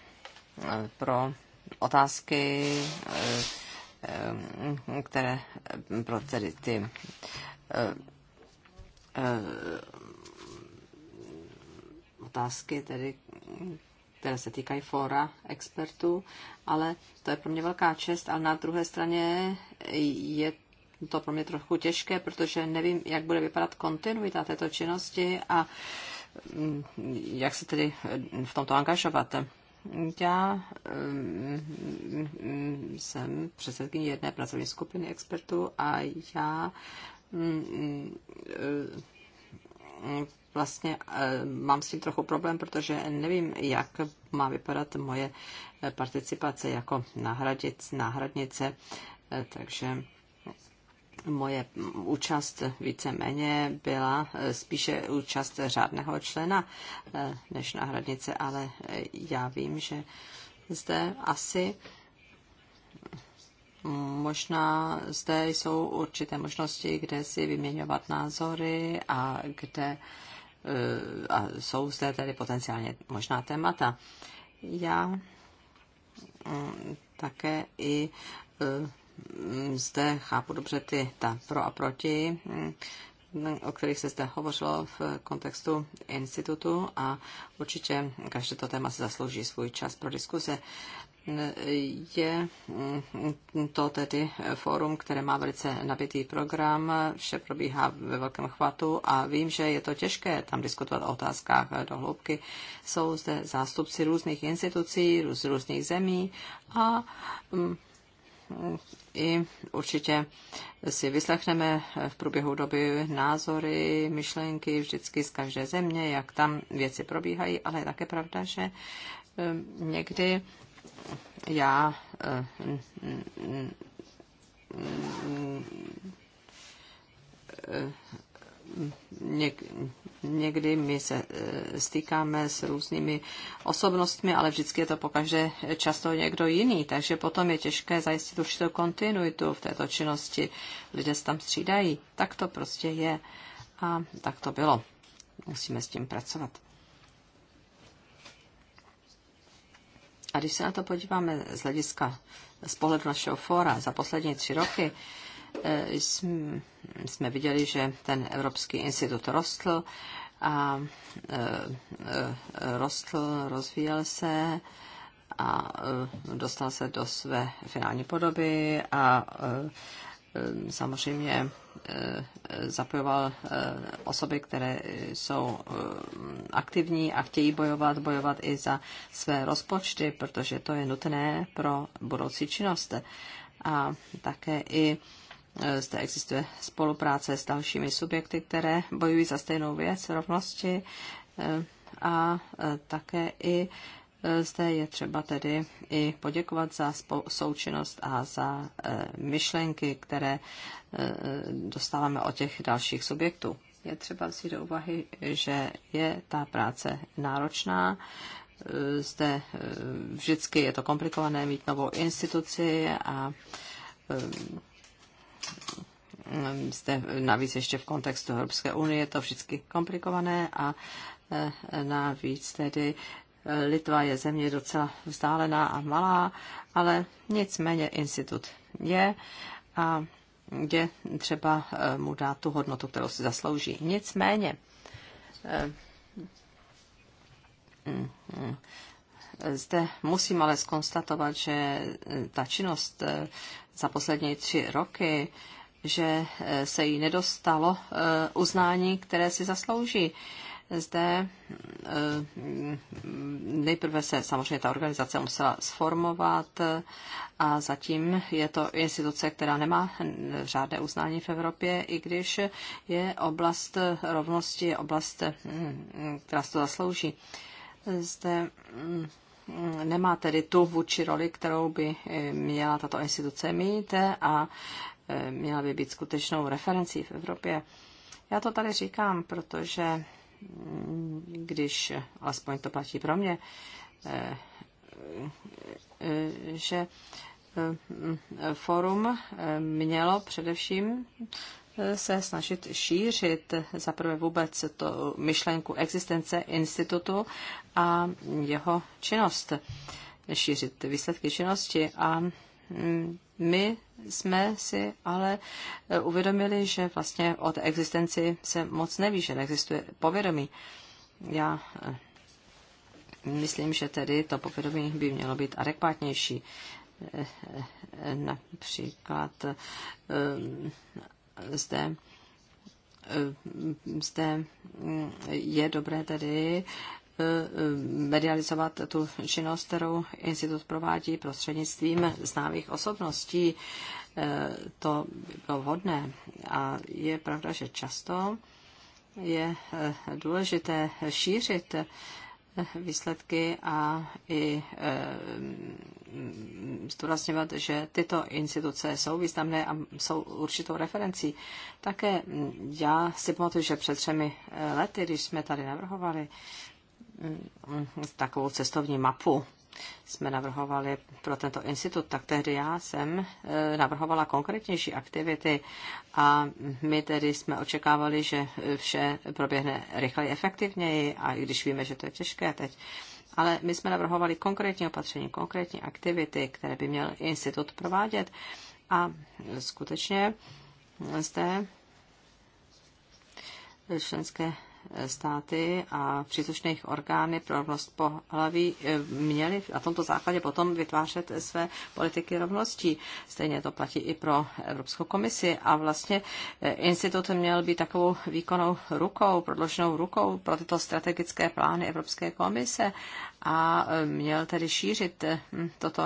e, pro otázky, e, e, které pro tedy ty otázky, tedy, které se týkají fóra expertů, ale to je pro mě velká čest, ale na druhé straně je to pro mě trochu těžké, protože nevím, jak bude vypadat kontinuita této činnosti a mm, jak se tedy mm, v tomto angažovat. Já mm, jsem předsedkyní jedné pracovní skupiny expertů a já vlastně eh, mám s tím trochu problém, protože nevím, jak má vypadat moje eh, participace jako náhradnice, eh, takže moje účast víceméně byla eh, spíše účast řádného člena eh, než náhradnice, ale eh, já vím, že zde asi možná zde jsou určité možnosti, kde si vyměňovat názory a kde a jsou zde tedy potenciálně možná témata. Já mm, také i Mm, zde chápu dobře ty ta pro a proti, mm, o kterých se zde hovořilo v kontextu institutu a určitě každé to téma si zaslouží svůj čas pro diskuze. Mm, je to tedy fórum, které má velice nabitý program, vše probíhá ve velkém chvatu a vím, že je to těžké tam diskutovat o otázkách do hloubky. Jsou zde zástupci různých institucí, z různých zemí a i určitě si vyslechneme v průběhu doby názory, myšlenky vždycky z každé země, jak tam věci probíhají, ale je také pravda, že eh, někdy já eh, mm, mm, mm, něk- někdy my se e, stýkáme s různými osobnostmi, ale vždycky je to pokaždé často někdo jiný, takže potom je těžké zajistit určitou kontinuitu v této činnosti. Lidé se tam střídají. Tak to prostě je. A tak to bylo. Musíme s tím pracovat. A když se na to podíváme z hlediska z pohledu našeho fóra za poslední tři roky, Eh, jsme viděli, že ten Evropský institut rostl a eh, eh, rostl, rozvíjel se a dostal se do své finální podoby a samozřejmě zapojoval osoby, které jsou aktivní a chtějí bojovat, bojovat i za své rozpočty, protože to je nutné pro budoucí činnost. A také i Eh, zde existuje spolupráce s dalšími subjekty, které bojují za stejnou věc, rovnosti eh, a eh, také i zde je třeba tedy i poděkovat za součinnost a za myšlenky, které dostáváme od těch dalších subjektů. Je třeba si do úvahy, že je ta práce náročná, zde vždycky je to komplikované mít novou instituci a jste navíc ještě v kontextu Evropské unie je to vždycky komplikované a e, navíc tedy e, Litva je země docela vzdálená a malá, ale nicméně institut je a je třeba e, mu dát tu hodnotu, kterou si zaslouží. Nicméně zde musím ale skonstatovat, že ta činnost za poslední tři roky, že eh, se jí nedostalo eh, uznání, které si zaslouží. Zde eh, nejprve se samozřejmě ta organizace musela sformovat a zatím je to instituce, která nemá žádné uznání v Evropě, i když je oblast rovnosti, oblast, hm, která se to zaslouží. Zde hm, nemá tedy tu vůči roli, kterou by eh, měla tato instituce mít a eh, měla by být skutečnou referencí v Evropě. Já to tady říkám, protože mm, když, alespoň to platí pro mě, eh, že mm, forum mělo především se snažit šířit zaprvé vůbec to myšlenku existence institutu a jeho činnost, šířit výsledky činnosti a mm, my jsme si ale e, uvědomili, že vlastně o té existenci se moc neví, že neexistuje povědomí. Já e, myslím, že tedy to povědomí by mělo být adekvátnější. E, například zde eh, zde mm, je dobré tedy eh, medializovat tu činnost, kterou institut provádí prostřednictvím známých osobností. Eh, to by bylo vhodné. A je pravda, že často je důležité šířit výsledky a i eh, zdůrazňovat, že tyto instituce jsou významné a jsou určitou referencí. Také já si pamatuju, že před třemi eh, lety, když jsme tady navrhovali mm, takovou cestovní mapu jsme navrhovali pro tento institut, tak tehdy já jsem e, navrhovala konkrétnější aktivity a my tedy jsme očekávali, že vše proběhne rychleji, efektivněji a i když víme, že to je těžké teď, ale my jsme navrhovali konkrétní opatření, konkrétní aktivity, které by měl institut provádět a skutečně zde členské státy a příslušných orgány pro rovnost pohlaví eh, měly na tomto základě potom vytvářet své politiky rovností. Stejně to platí i pro Evropskou komisi. A vlastně eh, institut měl být takovou výkonnou rukou, prodloženou rukou pro tyto strategické plány Evropské komise a eh, měl tedy šířit hm, toto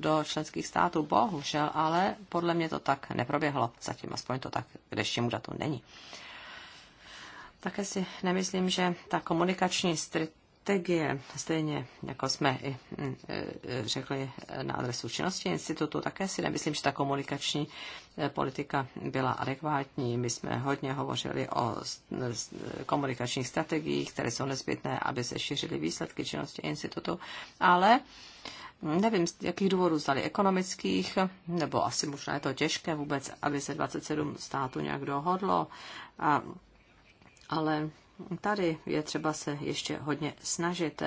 do členských států. Bohužel, ale podle mě to tak neproběhlo. Zatím aspoň to tak k dnešnímu datu není. Také si nemyslím, že ta komunikační strategie, stejně jako jsme i mm, e, řekli na adresu činnosti institutu, také si nemyslím, že ta komunikační e, politika byla adekvátní. My jsme hodně hovořili o komunikačních strategiích, které jsou nezbytné, aby se šířily výsledky činnosti institutu, ale nevím, z jakých důvodů zdali ekonomických, nebo asi možná je to těžké vůbec, aby se 27 států nějak dohodlo. A ale tady je třeba se ještě hodně snažit.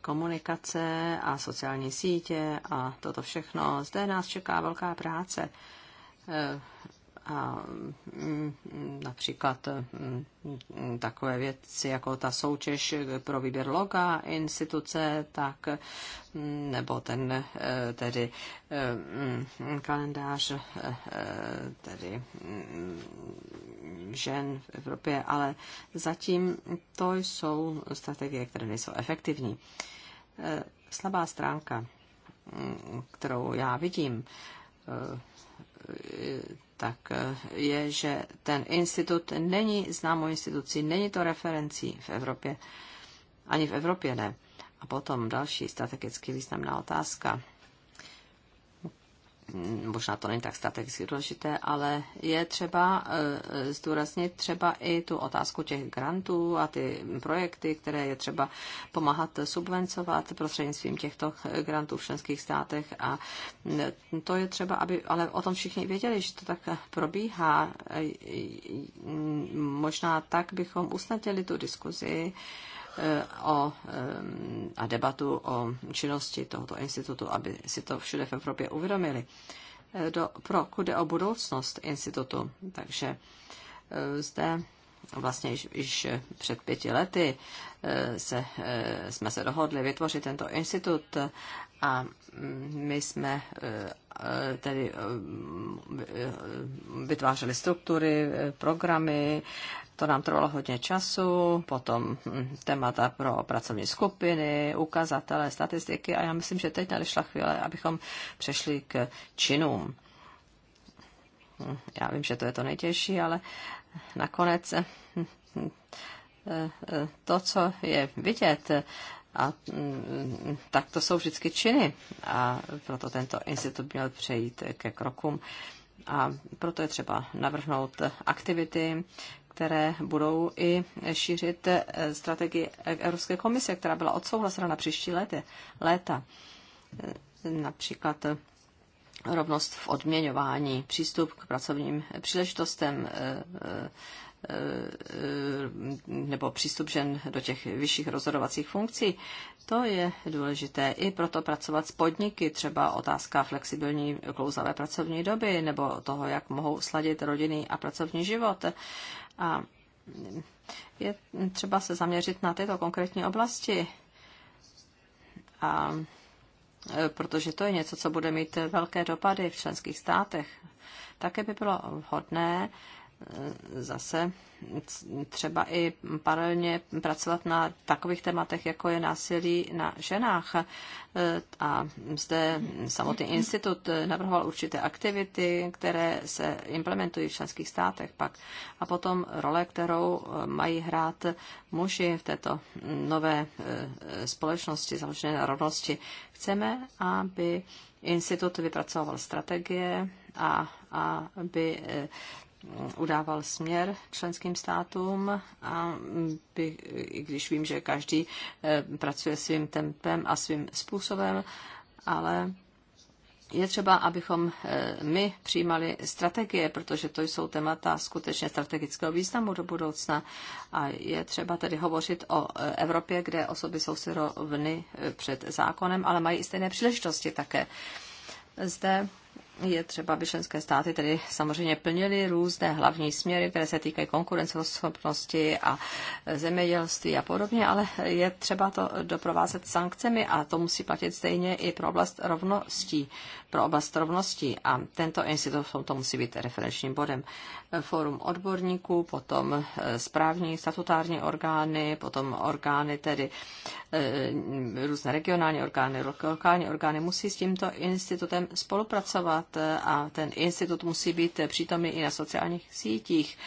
Komunikace a sociální sítě a toto všechno. Zde nás čeká velká práce eh, a mm, například mm, takové věci jako ta soutěž pro výběr loga instituce, tak mm, nebo ten eh, tedy eh, kalendář eh, tedy žen v Evropě, ale zatím to jsou strategie, které nejsou efektivní. Slabá stránka, kterou já vidím tak eh, je, že ten institut není známou institucí, není to referencí v Evropě, ani v Evropě ne. A potom další strategicky významná otázka možná to není tak strategicky důležité, ale je třeba eh, zdůraznit třeba i tu otázku těch grantů a ty projekty, které je třeba pomáhat subvencovat prostřednictvím těchto grantů v členských státech a mm, to je třeba, aby, ale o tom všichni věděli, že to tak probíhá. Eh, možná tak bychom usnadnili tu diskuzi o, eh, a debatu o činnosti tohoto institutu, aby si to všude v Evropě uvědomili. Eh, do, pro kudy o budoucnost institutu. Takže eh, zde vlastně již, již před pěti lety se, jsme se dohodli vytvořit tento institut a my jsme tedy vytvářeli struktury, programy to nám trvalo hodně času, potom hm, témata pro pracovní skupiny, ukazatele, statistiky a já myslím, že teď nadešla chvíle, abychom přešli k činům. Hm, já vím, že to je to nejtěžší, ale nakonec hm, to, co je vidět, a tak to jsou vždycky činy. A proto tento institut měl přejít ke krokům. A proto je třeba navrhnout aktivity, které budou i šířit eh, strategii Evropské komise, která byla odsouhlasena na příští lety, léta. Eh, například eh, rovnost v odměňování, přístup k pracovním příležitostem, Eh, nebo přístup žen do těch vyšších rozhodovacích funkcí, to je důležité i proto pracovat s podniky, třeba otázka flexibilní klouzavé pracovní doby nebo toho, jak mohou sladit rodinný a pracovní život. A je třeba se zaměřit na tyto konkrétní oblasti. A eh, protože to je něco, co bude mít velké dopady v členských státech. Také by bylo vhodné zase třeba i paralelně pracovat na takových tématech, jako je násilí na ženách. A zde samotný institut navrhoval určité aktivity, které se implementují v členských státech pak. A potom role, kterou mají hrát muži v této nové eh, společnosti založené na rovnosti. Chceme, aby institut vypracoval strategie a aby eh, udával směr členským státům a by, i když vím, že každý eh, pracuje svým tempem a svým způsobem, ale je třeba, abychom eh, my přijímali strategie, protože to jsou témata skutečně strategického významu do budoucna. A je třeba tedy hovořit o eh, Evropě, kde osoby jsou si rovny před zákonem, ale mají i stejné příležitosti také. Zde je třeba, aby členské státy tedy samozřejmě plnily různé hlavní směry, které se týkají konkurenceschopnosti a zemědělství a podobně, ale je třeba to doprovázet sankcemi a to musí platit stejně i pro oblast rovností. Pro oblast rovností a tento institut to musí být referenčním bodem. forum odborníků, potom eh, správní statutární orgány, potom orgány tedy eh, různé regionální orgány, lokální orgány musí s tímto institutem spolupracovat dělat a ten institut musí být přítomný i na sociálních sítích,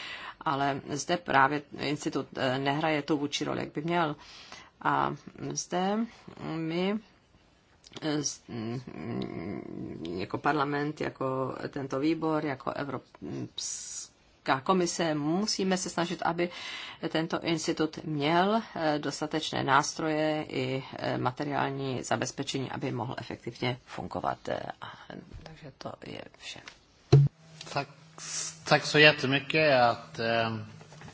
ale zde právě institut eh, nehraje tu vůči roli, jak by měl. A zde my eh, mm, jako parlament, jako tento výbor, jako Evropská komise, musíme se snažit, aby tento institut měl eh, dostatečné nástroje i eh, materiální zabezpečení, aby mohl efektivně fungovat. Eh, takže to je vše. Tak, tak so jättemycket att,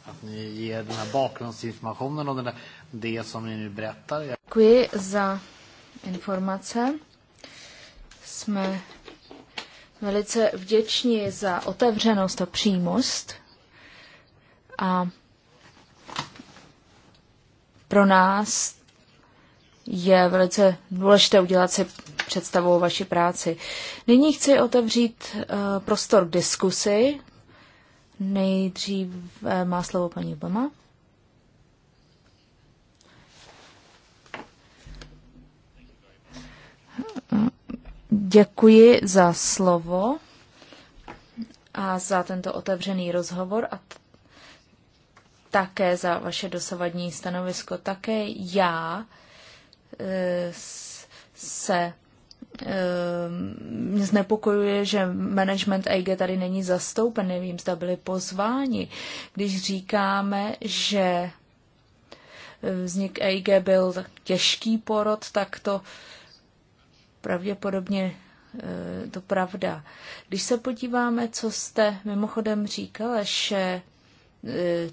att ni ger den här bakgrundsinformationen och den där, det som ni nu berättar. Děkuji za informace. Jsme velice vděční za otevřenost a přímost. A pro nás je velice důležité udělat si představu o vaší práci. Nyní chci otevřít uh, prostor k diskusi. Nejdřív uh, má slovo paní Obama. Uh, Děkuji za slovo a za tento otevřený rozhovor a také za vaše dosavadní stanovisko. Také já e, se e, znepokojuje, že management EIGE tady není zastoupen, nevím, zda byli pozváni. Když říkáme, že eh, vznik EIGE byl těžký porod, tak to pravděpodobně e, to pravda. Když se podíváme, co jste mimochodem říkala, že e,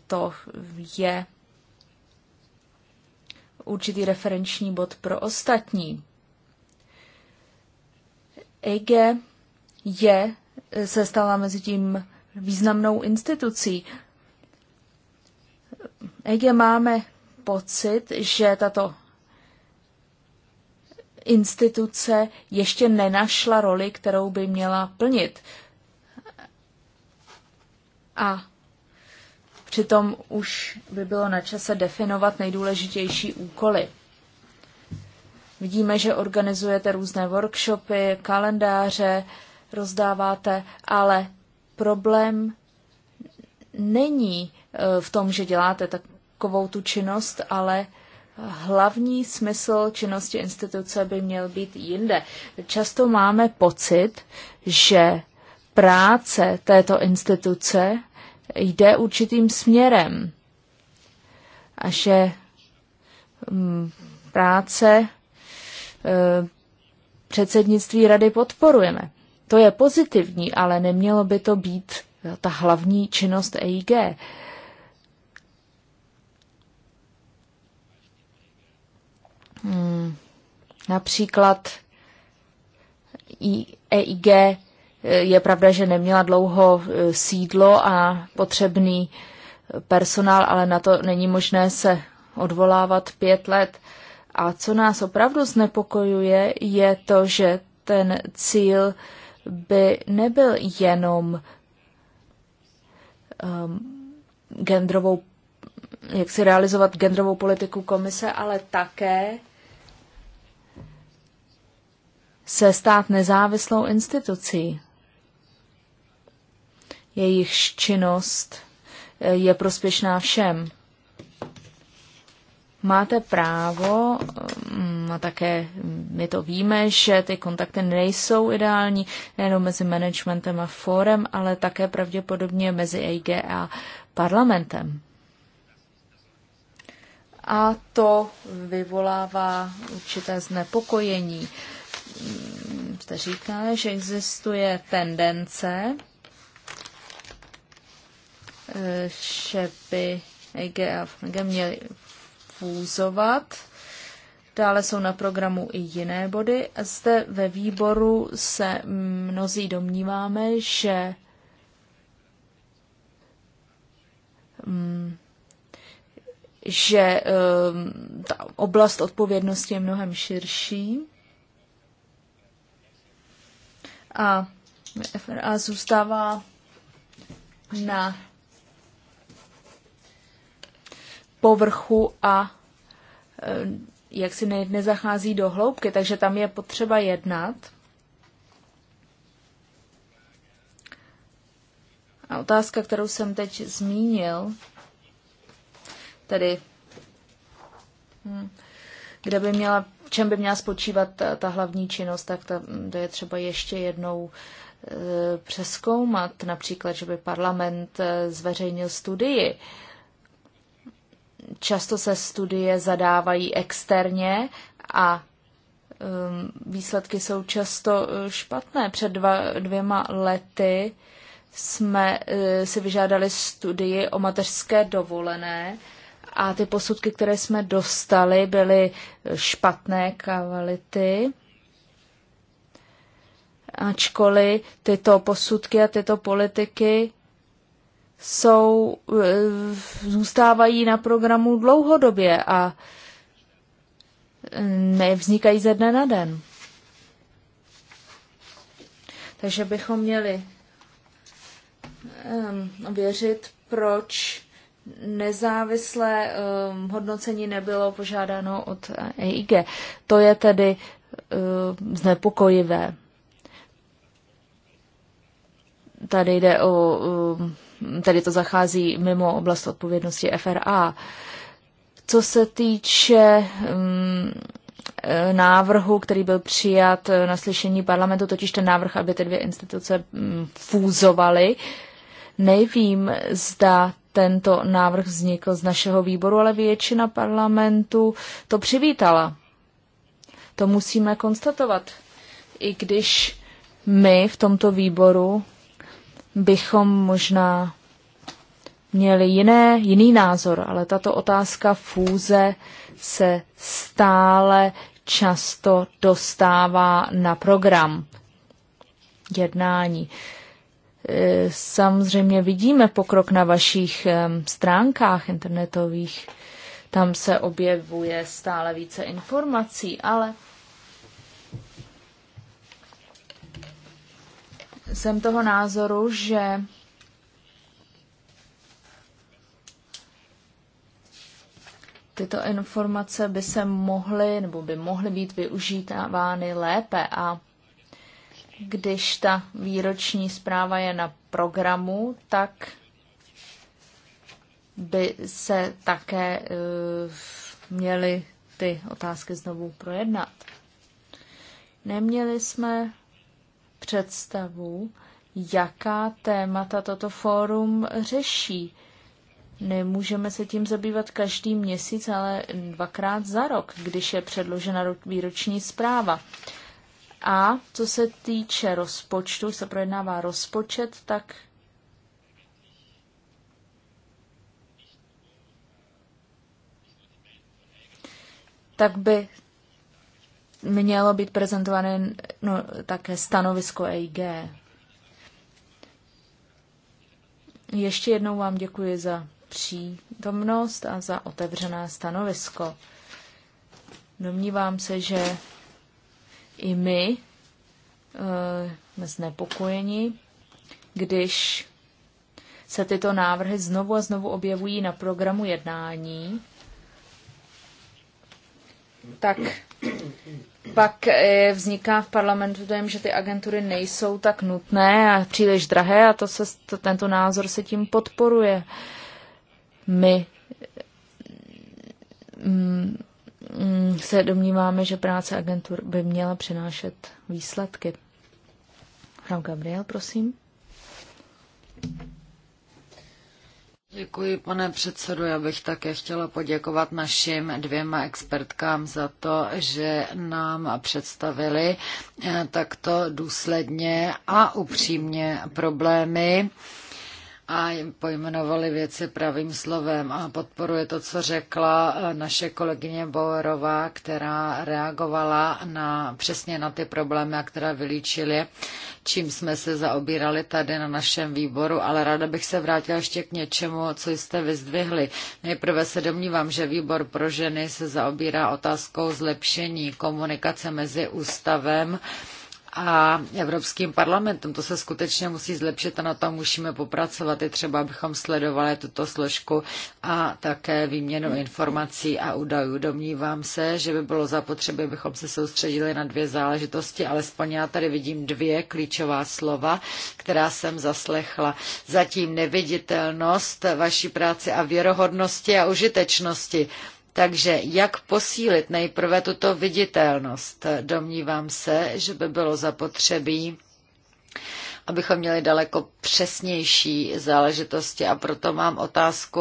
to je určitý referenční bod pro ostatní. EG je, e, se stala mezi tím významnou institucí. EG máme pocit, že tato instituce ještě nenašla roli, kterou by měla plnit. A přitom už by bylo na čase definovat nejdůležitější úkoly. Vidíme, že organizujete různé workshopy, kalendáře, rozdáváte, ale problém není eh, v tom, že děláte takovou tu činnost, ale hlavní smysl činnosti instituce by měl být jinde. Často máme pocit, že práce této instituce jde určitým směrem a že mm, práce e, předsednictví rady podporujeme. To je pozitivní, ale nemělo by to být ta hlavní činnost EIG. Například EIG eh, je pravda, že neměla dlouho eh, sídlo a potřebný eh, personál, ale na to není možné se odvolávat pět let. A co nás opravdu znepokojuje, je to, že ten cíl by nebyl jenom um, genderovou, jak si realizovat genderovou politiku komise, ale také se stát nezávislou institucí. Jejich činnost eh, je prospěšná všem. Máte právo, mm, a také my to víme, že ty kontakty nejsou ideální nejenom mezi managementem a fórem, ale také pravděpodobně mezi EIG a parlamentem. A to vyvolává určité znepokojení. Uh, Mm, jste říkali, že existuje tendence, eh, že by EG a FNG měly fúzovat. Dále jsou na programu i jiné body. Zde ve výboru se mnozí domníváme, že mm, že ehm, ta oblast odpovědnosti je mnohem širší a FRA zůstává na povrchu a e, jak si ne, nezachází do hloubky, takže tam je potřeba jednat. A otázka, kterou jsem teď zmínil, tedy hm, kde by měla čem by měla spočívat ta, ta hlavní činnost, tak ta, to je třeba ještě jednou e, přeskoumat. Například, že by parlament e, zveřejnil studii. Často se studie zadávají externě a um, výsledky jsou často e, špatné. Před dva, dvěma lety jsme e, si vyžádali studii o mateřské dovolené a ty posudky, které jsme dostali, byly špatné kvality. Ačkoliv tyto posudky a tyto politiky jsou, eh, zůstávají na programu dlouhodobě a eh, nevznikají ze dne na den. Takže bychom měli um, ehm, věřit, proč nezávislé um, hodnocení nebylo požádáno od EIG. To je tedy um, znepokojivé. Tady jde o, um, tady to zachází mimo oblast odpovědnosti FRA. Co se týče um, návrhu, který byl přijat na slyšení parlamentu, totiž ten návrh, aby ty dvě instituce um, fúzovaly, nevím, zda tento návrh vznikl z našeho výboru, ale většina parlamentu to přivítala. To musíme konstatovat. I když my v tomto výboru bychom možná měli jiné, jiný názor, ale tato otázka fůze se stále často dostává na program jednání. Uh, Eh, samozřejmě vidíme pokrok na vašich eh, stránkách internetových. Tam se objevuje stále více informací, ale jsem toho názoru, že tyto informace by se mohly nebo by mohly být využívány lépe a když ta výroční zpráva je na programu, tak by se také e, měly ty otázky znovu projednat. Neměli jsme představu, jaká témata toto fórum řeší. Nemůžeme se tím zabývat každý měsíc, ale dvakrát za rok, když je předložena výroční zpráva. A co se týče rozpočtu, se projednává rozpočet, tak tak by mělo být prezentované no, také stanovisko EIG. Ještě jednou vám děkuji za přítomnost a za otevřené stanovisko. Domnívám se, že i my eh, jsme znepokojeni, když se tyto návrhy znovu a znovu objevují na programu jednání, tak pak eh, vzniká v parlamentu dojem, že ty agentury nejsou tak nutné a příliš drahé a to se, to, tento názor se tím podporuje. My mm, Mm, se domníváme, že práce agentur by měla přinášet výsledky. Hrám Gabriel, prosím. Děkuji, pane předsedu. Já bych také chtěla poděkovat našim dvěma expertkám za to, že nám představili eh, takto důsledně a upřímně problémy, a pojmenovali věci pravým slovem a podporuje to, co řekla eh, naše kolegyně Bauerová, která reagovala na, přesně na ty problémy, které vylíčili, čím jsme se zaobírali tady na našem výboru, ale ráda bych se vrátila ještě k něčemu, co jste vyzdvihli. Nejprve se domnívám, že výbor pro ženy se zaobírá otázkou zlepšení komunikace mezi ústavem, a Evropským parlamentem. To se skutečně musí zlepšit a na tom musíme popracovat. Je třeba, abychom sledovali tuto složku a také výměnu informací a údajů. Domnívám se, že by bylo zapotřebí, abychom se soustředili na dvě záležitosti, alespoň já tady vidím dvě klíčová slova, která jsem zaslechla. Zatím neviditelnost vaší práce a věrohodnosti a užitečnosti. Takže jak posílit nejprve tuto viditelnost? Domnívám se, že by bylo zapotřebí abychom měli daleko přesnější záležitosti. A proto mám otázku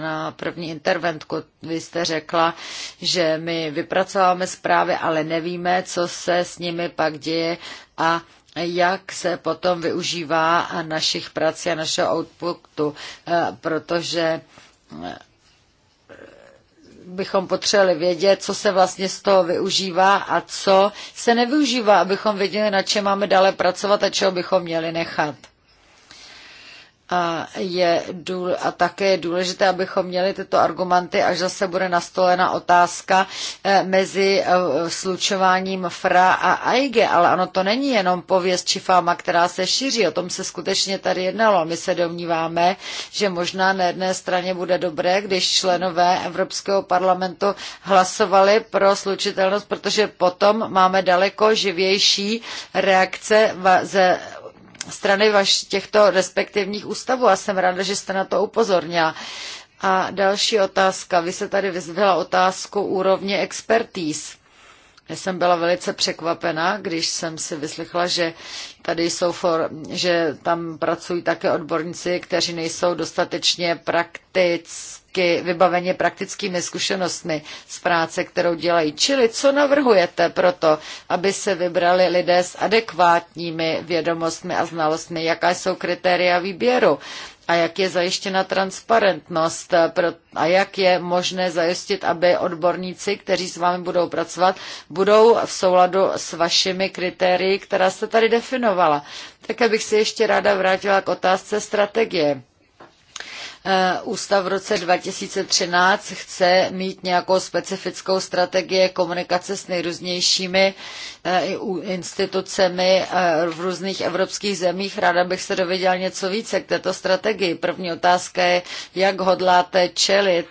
na první interventku. Vy jste řekla, že my vypracováme zprávy, ale nevíme, co se s nimi pak děje a jak se potom využívá našich prací a našeho outputu, eh, protože eh, bychom potřebovali vědět, co se vlastně z toho využívá a co se nevyužívá, abychom věděli, na čem máme dále pracovat a čeho bychom měli nechat. A, je důl, a také je důležité, abychom měli tyto argumenty, až zase bude nastolena otázka eh, mezi eh, slučováním FRA a AIG, ale ano, to není jenom pověst či fáma, která se šíří, o tom se skutečně tady jednalo. My se domníváme, že možná na jedné straně bude dobré, když členové Evropského parlamentu hlasovali pro slučitelnost, protože potom máme daleko živější reakce ze strany vaš, těchto respektivních ústavů a jsem ráda, že jste na to upozornila. A další otázka. Vy se tady vyzvedla otázku úrovně expertíz. Já jsem byla velice překvapena, když jsem si vyslechla, že tady jsou for, že tam pracují také odborníci, kteří nejsou dostatečně prakticky praktiky, vybaveni praktickými zkušenostmi z práce, kterou dělají. Čili co navrhujete pro to, aby se vybrali lidé s adekvátními vědomostmi a znalostmi? Jaká jsou kritéria výběru? a jak je zajištěna transparentnost a jak je možné zajistit, aby odborníci, kteří s vámi budou pracovat, budou v souladu s vašimi kritérii, která jste tady definovala. Také bych se ještě ráda vrátila k otázce strategie. Eh, ústav v roce 2013 chce mít nějakou specifickou strategii komunikace s nejrůznějšími eh, institucemi eh, v různých evropských zemích. Ráda bych se dověděla něco více k této strategii. První otázka je, jak hodláte čelit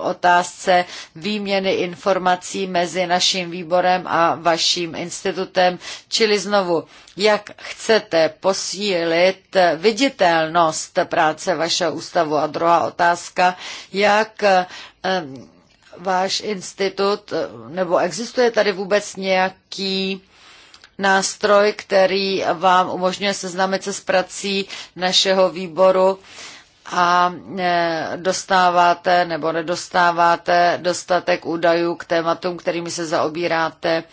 otázce výměny informací mezi naším výborem a vaším institutem, čili znovu, jak chcete posílit viditelnost práce vašeho ústavu a druhá otázka, jak eh, eh, váš institut, eh, nebo existuje tady vůbec nějaký nástroj, který vám umožňuje seznámit se s prací našeho výboru a dostáváte nebo nedostáváte dostatek údajů k tématům, kterými se zaobíráte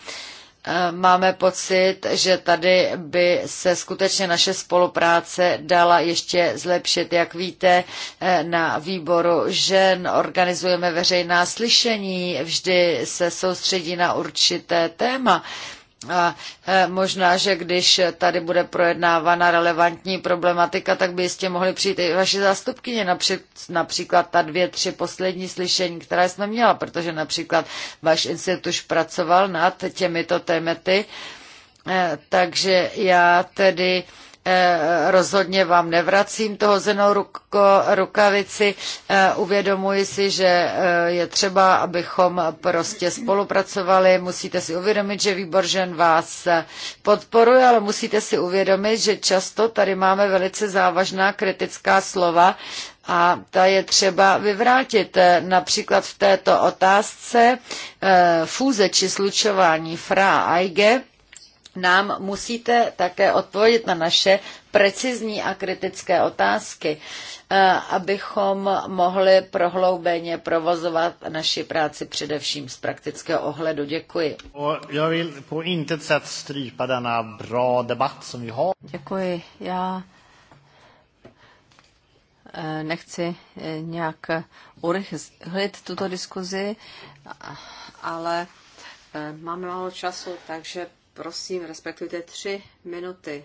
Eh, máme pocit, že tady by se skutečně naše spolupráce dala ještě zlepšit. Jak víte, eh, na výboru žen organizujeme veřejná slyšení, vždy se soustředí na určité téma. A e, možná, že když tady bude projednávána relevantní problematika, tak by jistě mohly přijít i vaše zástupkyně, napřed, například ta dvě, tři poslední slyšení, která jsme měla, protože například váš institut už pracoval nad těmito tématy. E, takže já tedy Eh, rozhodně vám nevracím toho zenou ruko, rukavici. Eh, uvědomuji si, že eh, je třeba, abychom prostě spolupracovali. Musíte si uvědomit, že výbor žen vás podporuje, ale musíte si uvědomit, že často tady máme velice závažná kritická slova a ta je třeba vyvrátit. Například v této otázce fůze či slučování FRA a IGE, nám musíte také odpovědět na naše precizní a kritické otázky, eh, abychom mohli prohloubeně provozovat naši práci především z praktického ohledu. Děkuji. Já Děkuji. Já eh, nechci eh, nějak urychlit tuto diskuzi, ale máme málo času, takže Prosím, respektujte tři minuty,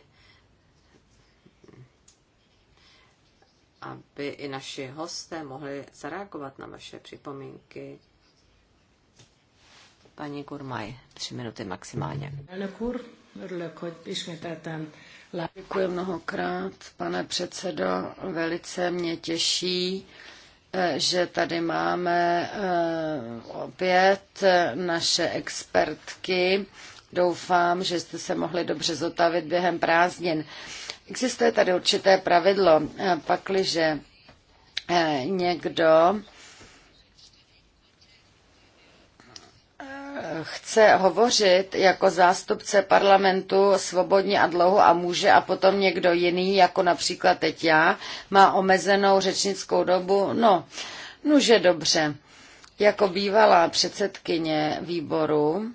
aby i naši hosté mohli zareagovat na vaše připomínky. Paní Kurmaj, tři minuty maximálně. Děkuji mnohokrát, pane předsedo. Velice mě těší, eh, že tady máme eh, opět eh, naše expertky Doufám, že jste se mohli dobře zotavit během prázdnin. Existuje tady určité pravidlo, eh, pakliže eh, někdo eh, chce hovořit jako zástupce parlamentu svobodně a dlouho a může a potom někdo jiný, jako například teď já, má omezenou řečnickou dobu, no, nuže dobře. Jako bývalá předsedkyně výboru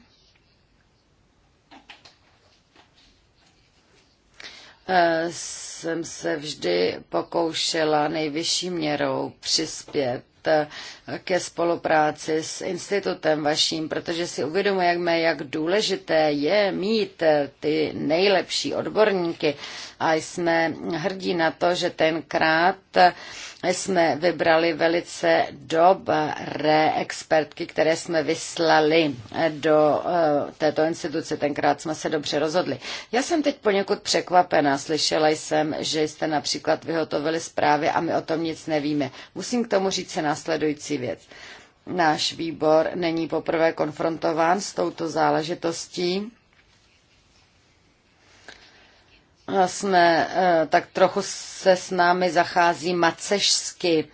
Eh, jsem se vždy pokoušela nejvyšší měrou přispět eh, ke spolupráci s institutem vaším, protože si uvědomujeme, jak důležité je mít eh, ty nejlepší odborníky a jsme hrdí na to, že tenkrát jsme vybrali velice dobré expertky, které jsme vyslali do eh, této instituce. Tenkrát jsme se dobře rozhodli. Já jsem teď poněkud překvapená. Slyšela jsem, že jste například vyhotovili zprávy a my o tom nic nevíme. Musím k tomu říct se následující věc. Náš výbor není poprvé konfrontován s touto záležitostí vlastně tak trochu se s námi zachází macežsky.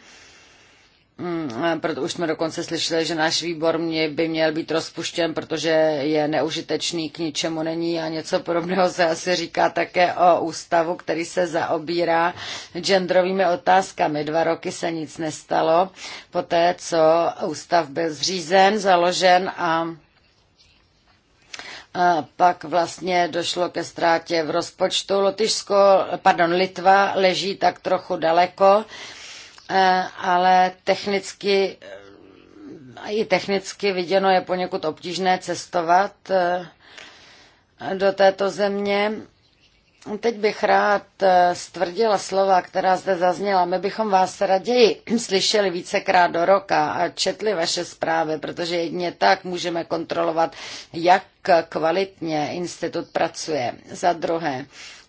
Mm, e, proto už jsme dokonce slyšeli, že náš výbor mě by měl být rozpuštěn, protože je neužitečný, k ničemu není a něco podobného se asi říká také o ústavu, který se zaobírá genderovými otázkami. Dva roky se nic nestalo poté co ústav byl zřízen, založen a pak vlastně došlo ke ztrátě v rozpočtu. Lotyšsko, pardon, Litva leží tak trochu daleko, eh, ale technicky eh, i technicky viděno je poněkud obtížné cestovat eh, do této země Teď bych rád eh, stvrdila slova, která zde zazněla. My bychom vás raději slyšeli vícekrát do roka a četli vaše zprávy, protože jedině tak můžeme kontrolovat, jak kvalitně institut pracuje. Za druhé,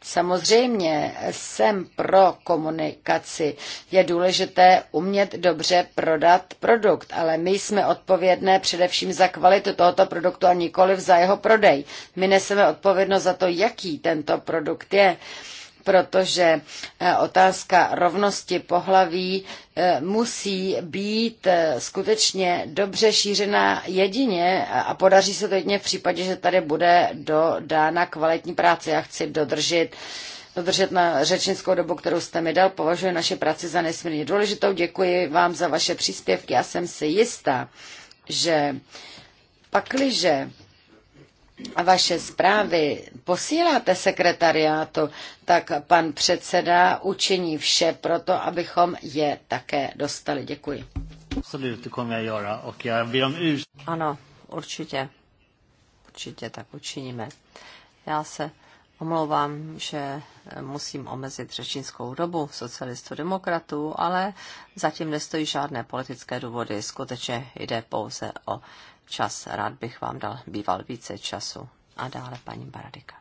Samozřejmě jsem pro komunikaci. Je důležité umět dobře prodat produkt, ale my jsme odpovědné především za kvalitu tohoto produktu a nikoliv za jeho prodej. My neseme odpovědnost za to, jaký tento produkt je. Uh, protože eh, otázka rovnosti pohlaví eh, musí být eh, skutečně dobře šířena jedině a podaří se to jedině v případě, že tady bude dodána kvalitní práce. Já chci dodržet dodržet na řečnickou dobu, kterou jste mi dal. Považuji naše práci za nesmírně důležitou. Děkuji vám za vaše příspěvky. Já jsem si jistá, že pakliže vaše zprávy posíláte sekretariátu, tak pan předseda učiní vše pro to, abychom je také dostali. Děkuji. Ano, určitě. Určitě tak učiníme. Já se omlouvám, že eh, musím omezit řečnickou dobu socialistů demokratů, ale zatím nestojí žádné politické důvody. Skutečně jde pouze o čas. Rád bych vám dal býval více času. A dále paní Baradika.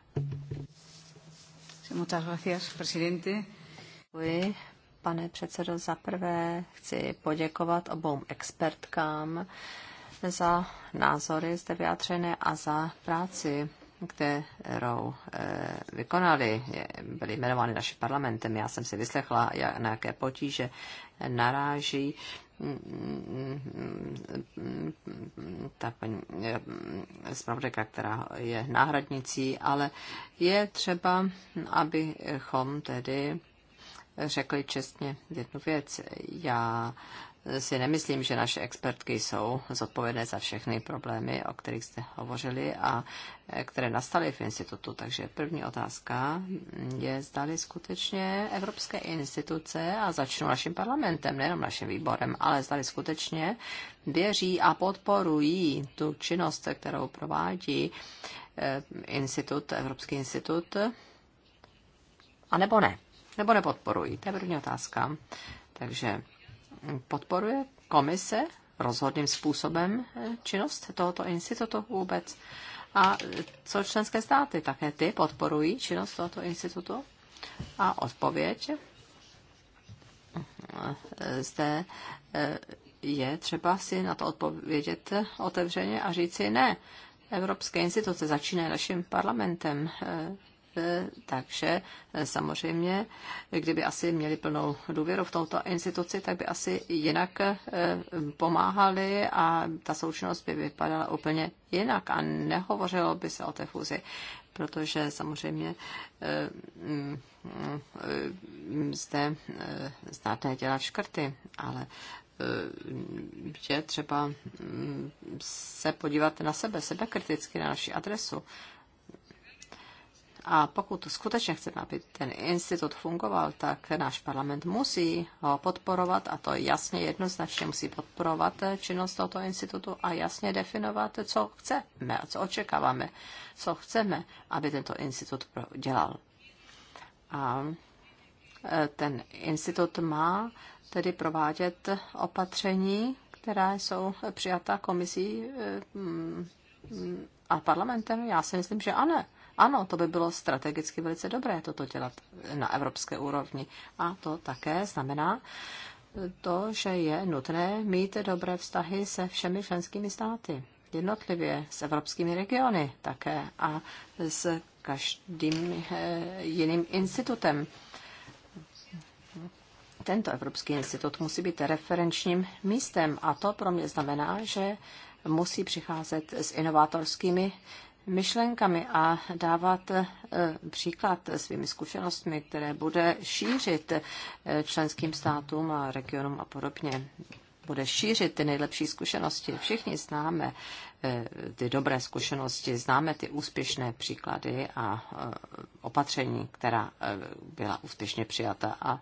Děkuji, pane předsedo. Za prvé chci poděkovat obou expertkám za názory zde vyjádřené a za práci, kterou eh, vykonali. Byli jmenovány naši parlamentem. Já jsem si vyslechla, na jaké potíže naráží ta paní zpravodajka, která je náhradnicí, ale je třeba, abychom tedy řekli čestně jednu věc. Já si nemyslím, že naše expertky jsou zodpovědné za všechny problémy, o kterých jste hovořili a eh, které nastaly v institutu. Takže první otázka je, zdali skutečně evropské instituce, a začnu naším parlamentem, nejenom naším výborem, ale zdali skutečně věří a podporují tu činnost, kterou provádí eh, institut, Evropský institut, a nebo ne, nebo nepodporují. To je první otázka. Takže podporuje komise rozhodným způsobem eh, činnost tohoto institutu vůbec? A co členské státy? Také ty podporují činnost tohoto institutu? A odpověď eh, zde eh, je třeba si na to odpovědět otevřeně a říci ne. Evropské instituce začínají naším parlamentem takže eh, samozřejmě, kdyby asi měli plnou důvěru v tomto instituci, tak by asi jinak eh, pomáhali a ta součinnost by vypadala úplně jinak a nehovořilo by se o té fúzi protože samozřejmě eh, mm, mm, zde státné dělat škrty, ale je třeba mm, se podívat na sebe, sebe kriticky na naši adresu. A pokud skutečně chceme, aby ten institut fungoval, tak náš parlament musí ho podporovat, a to jasně jednoznačně musí podporovat činnost tohoto institutu a jasně definovat, co chceme, co očekáváme, co chceme, aby tento institut dělal. A e, ten institut má tedy provádět opatření, která jsou přijata komisí e, a parlamentem? Já si myslím, že ano. Ano, to by bylo strategicky velice dobré toto dělat na evropské úrovni. A to také znamená to, že je nutné mít dobré vztahy se všemi členskými státy jednotlivě s evropskými regiony také a s každým eh, jiným institutem. Tento Evropský institut musí být referenčním místem a to pro mě znamená, že musí přicházet s inovátorskými myšlenkami a dávat eh, příklad svými zkušenostmi, které bude šířit eh, členským státům a regionům a podobně bude šířit ty nejlepší zkušenosti. Všichni známe eh, ty dobré zkušenosti, známe ty úspěšné příklady a eh, opatření, která eh, byla úspěšně přijata. A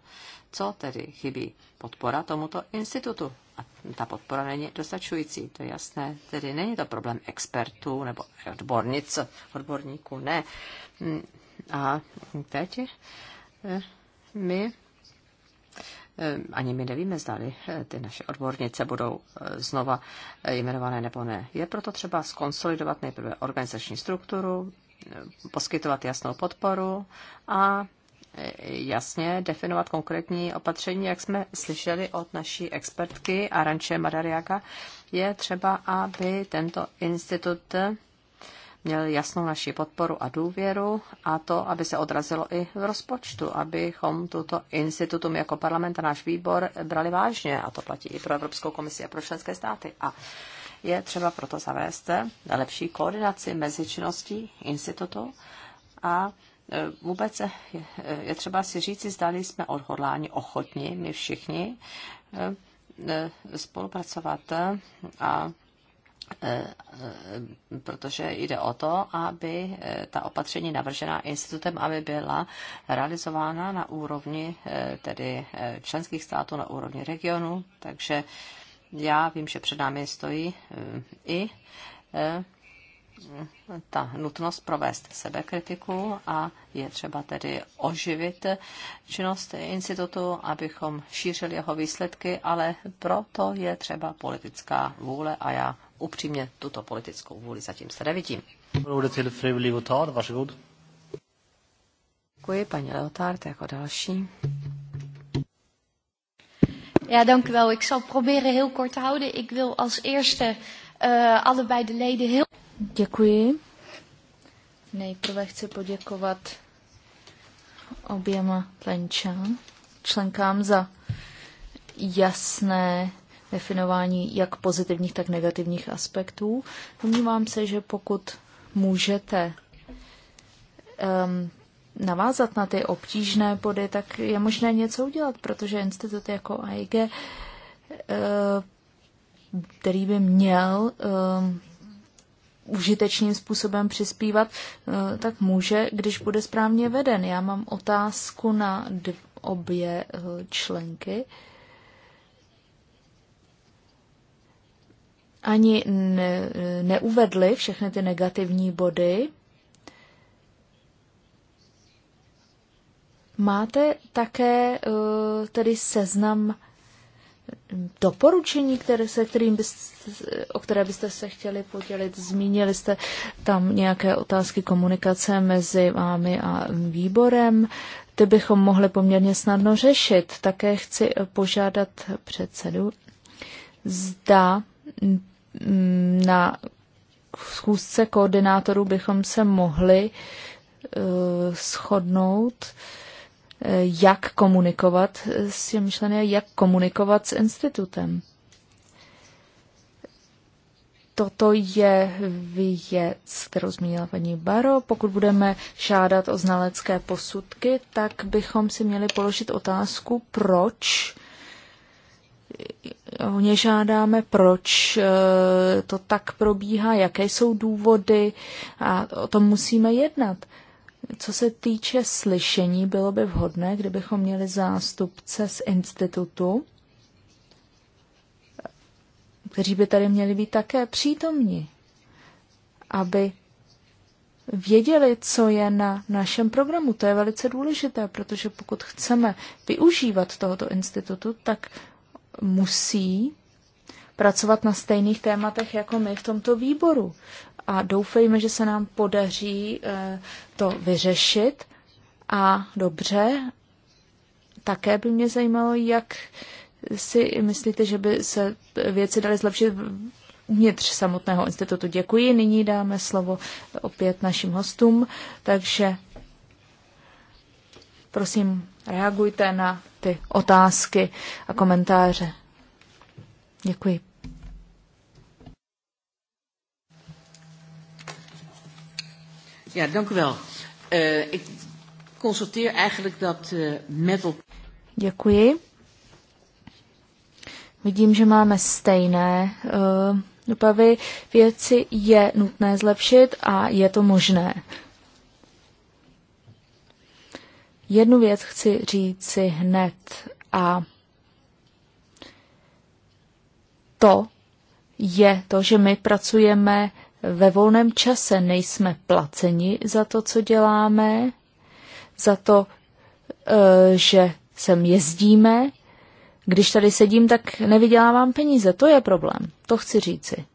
co tedy chybí? Podpora tomuto institutu. A ta podpora není dostačující, to je jasné. Tedy není to problém expertů nebo odbornic, odborníků, ne. A teď my Eh, ani my nevíme, zda eh, ty naše odbornice budou eh, znova jmenované nebo ne. Je proto třeba skonsolidovat nejprve organizační strukturu, poskytovat jasnou podporu a jasně definovat konkrétní opatření, jak jsme slyšeli od naší expertky Aranče Madariaga, je třeba, aby tento institut měl jasnou naši podporu a důvěru a to, aby se odrazilo i v rozpočtu, abychom tuto institutum jako parlament a náš výbor brali vážně a to platí i pro Evropskou komisi a pro členské státy. A je třeba proto zavést lepší koordinaci mezi činností institutu a e, vůbec je třeba si říci, zdali jsme odhodláni, ochotni, my všichni, e, e, spolupracovat a Eh, eh, protože jde o to, aby eh, ta opatření navržená institutem, aby byla realizována na úrovni tedy členských států, na úrovni regionu. Takže já vím, že před námi stojí i ta nutnost provést sebekritiku a je třeba tedy oživit činnost institutu, abychom šířili jeho výsledky, ale proto je třeba politická vůle a já upřímně tuto politickou vůli zatím se nevidím. Děkuji, paní Leotard, jako další. Ja, dank u wel. Ik zal proberen heel kort te houden. Ik wil als eerste uh, allebei de leden heel... Děkuji. Nejprve chci poděkovat oběma členkám za jasné definování jak pozitivních, tak negativních aspektů. Domnívám se, že pokud můžete um, navázat na ty obtížné body, tak je možné něco udělat, protože institut jako AIG, uh, který by měl um, užitečným způsobem přispívat, uh, tak může, když bude správně veden. Já mám otázku na obě uh, členky. Uh, ani ne, neuvedli všechny ty negativní body. Máte také eh, tedy seznam doporučení, které se, kterým byste, o které byste se chtěli podělit? Zmínili jste tam nějaké otázky komunikace mezi vámi a výborem. Ty bychom mohli poměrně snadno řešit. Také chci požádat předsedu, zda Mm, na schůzce koordinátorů bychom se mohli uh, shodnout, eh, jak komunikovat s těmi členy, jak komunikovat s institutem. Toto je věc, kterou zmínila paní Baro. Pokud budeme žádat o znalecké posudky, tak bychom si měli položit otázku, proč ně žádáme, proč eh, to tak probíhá, jaké jsou důvody a o tom musíme jednat. Co se týče slyšení, bylo by vhodné, kdybychom měli zástupce z institutu, kteří by tady měli být také přítomni, aby věděli, co je na našem programu. To je velice důležité, protože pokud chceme využívat tohoto institutu, tak musí pracovat na stejných tématech jako my v tomto výboru. A doufejme, že se nám podaří eh, to vyřešit. A dobře, také by mě zajímalo, jak si myslíte, že by se věci daly zlepšit uvnitř samotného institutu. Děkuji. Nyní dáme slovo opět našim hostům, takže prosím, reagujte na ty otázky a komentáře. Děkuji. Ja, dank u wel. Uh, ik constateer eigenlijk dat uh, met elkaar. Děkuji. Vidím, že máme stejné uh, eh, dopavy. Věci je nutné zlepšit a je to možné. Jednu věc chci říci hned a to je to, že my pracujeme ve volném čase, nejsme placeni za to, co děláme, za to, e, že sem jezdíme. Když tady sedím, tak nevydělávám peníze, to je problém, to chci říci.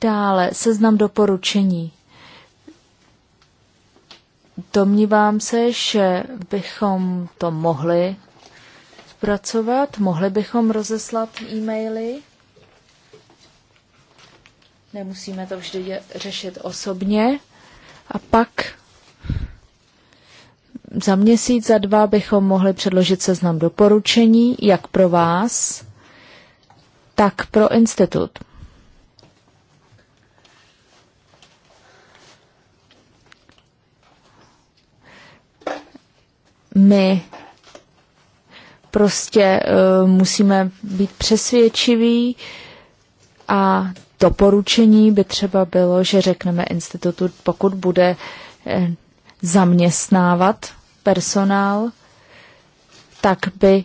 Dále seznam doporučení. Domnívám se, že bychom to mohli zpracovat, mohli bychom rozeslat e-maily. Nemusíme to vždy řešit osobně. A pak za měsíc, za dva bychom mohli předložit seznam doporučení, jak pro vás, tak pro institut. my prostě uh, musíme být přesvědčiví a doporučení by třeba bylo, že řekneme institutu, pokud bude uh, zaměstnávat personál, tak by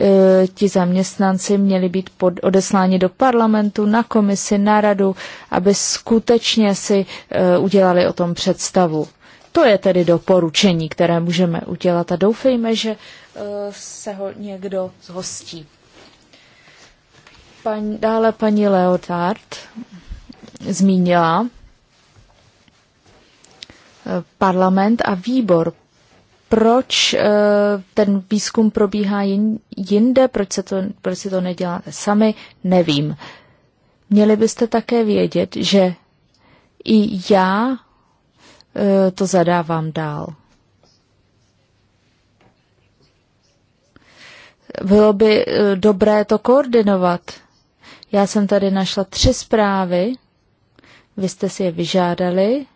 eh, ti zaměstnanci měli být pod, odesláni do parlamentu, na komisi, na radu, aby skutečně si udělali o tom představu. To je tedy doporučení, které můžeme udělat a doufejme, že eh, se ho někdo zhostí. Pan, dále paní Leotard zmínila eh, parlament a výbor. Proč eh, ten výzkum probíhá jinde, proč, se to, proč si to neděláte sami, nevím. Měli byste také vědět, že i já Eh, to zadávám dál. Bylo by eh, dobré to koordinovat. Já jsem tady našla tři zprávy, vy jste si je vyžádali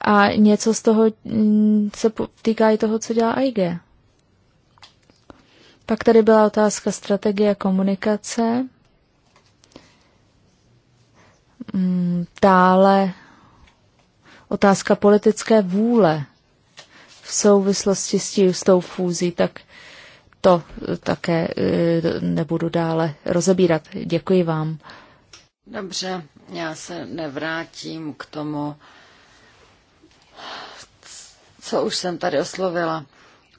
a něco z toho mm, se týká i toho, co dělá IG. Pak tady byla otázka strategie komunikace. Mm, dále otázka politické vůle v souvislosti s, tím, s tou fúzí, tak to také eh, nebudu dále rozebírat. Děkuji vám. Dobře, já se nevrátím k tomu, co už jsem tady oslovila.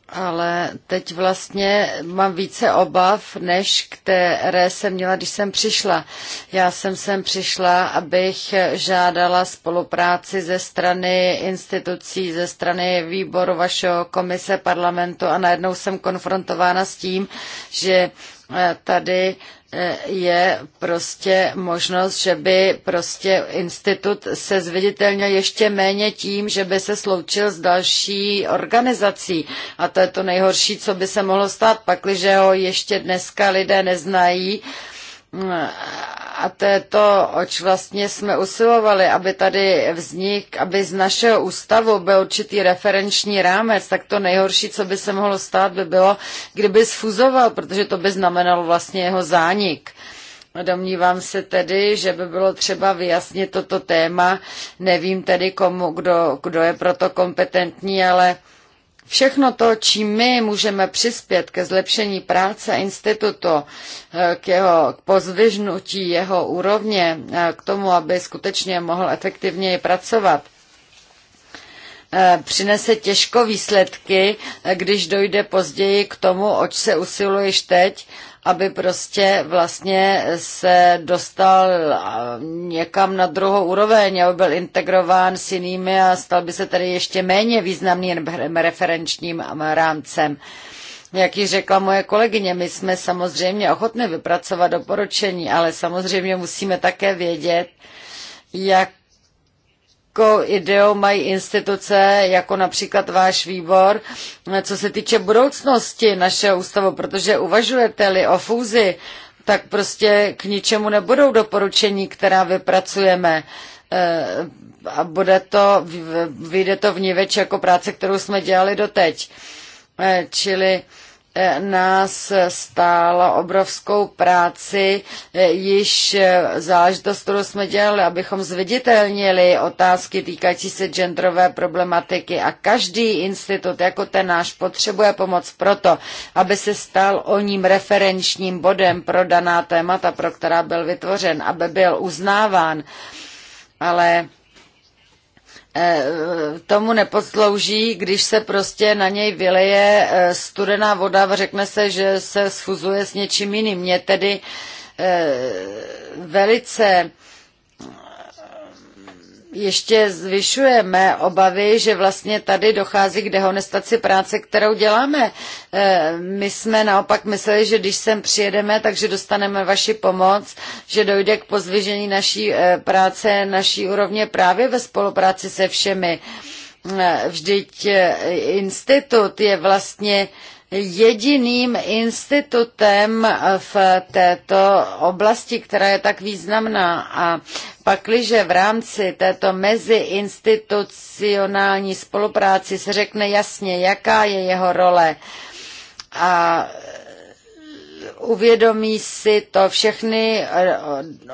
Ale teď vlastně mám více obav, než které jsem měla, když jsem přišla. Já jsem sem přišla, abych žádala spolupráci ze strany institucí, ze strany výboru vašeho komise parlamentu a najednou jsem konfrontována s tím, že eh, tady je prostě možnost, že by prostě institut se zviditelnil ještě méně tím, že by se sloučil s další organizací. A to je to nejhorší, co by se mohlo stát, pakliže ho ještě dneska lidé neznají a to je to, oč vlastně jsme usilovali, aby tady vznik, aby z našeho ústavu byl určitý referenční rámec, tak to nejhorší, co by se mohlo stát, by bylo, kdyby sfuzoval, protože to by znamenalo vlastně jeho zánik. Domnívám se tedy, že by bylo třeba vyjasnit toto téma. Nevím tedy, komu, kdo, kdo je proto kompetentní, ale Všechno to, čím my můžeme přispět ke zlepšení práce institutu, eh, k, jeho, k pozdvižnutí jeho úrovně, eh, k tomu, aby skutečně mohl efektivněji pracovat, eh, přinese těžko výsledky, když dojde později k tomu, oč se usiluješ teď, aby prostě vlastně se dostal někam na druhou úroveň, aby byl integrován s jinými a stal by se tedy ještě méně významným referenčním rámcem. Jak ji řekla moje kolegyně, my jsme samozřejmě ochotni vypracovat doporučení, ale samozřejmě musíme také vědět, jak jako ideu mají instituce, jako například váš výbor, co se týče budoucnosti našeho ústavu, protože uvažujete-li o fúzi, tak prostě k ničemu nebudou doporučení, která vypracujeme eh, a bude to, vyjde to v ní jako práce, kterou jsme dělali doteď. Eh, čili nás stálo obrovskou práci, eh, již eh, záležitost, kterou jsme dělali, abychom zviditelnili otázky týkající se genderové problematiky a každý institut, jako ten náš, potřebuje pomoc proto, aby se stal o ním referenčním bodem pro daná témata, pro která byl vytvořen, aby byl uznáván. Ale Eh, tomu neposlouží, když se prostě na něj vyleje eh, studená voda a řekne se, že se sfuzuje s něčím jiným. Mě tedy eh, velice ještě zvyšujeme obavy, že vlastně tady dochází k dehonestaci práce, kterou děláme. Eh, my jsme naopak mysleli, že když sem přijedeme, takže dostaneme vaši pomoc, že dojde k pozvěžení naší eh, práce, naší úrovně právě ve spolupráci se všemi. Eh, vždyť institut je vlastně jediným institutem v této oblasti, která je tak významná a pakliže v rámci této meziinstitucionální spolupráci se řekne jasně, jaká je jeho role a uvědomí si to všechny eh,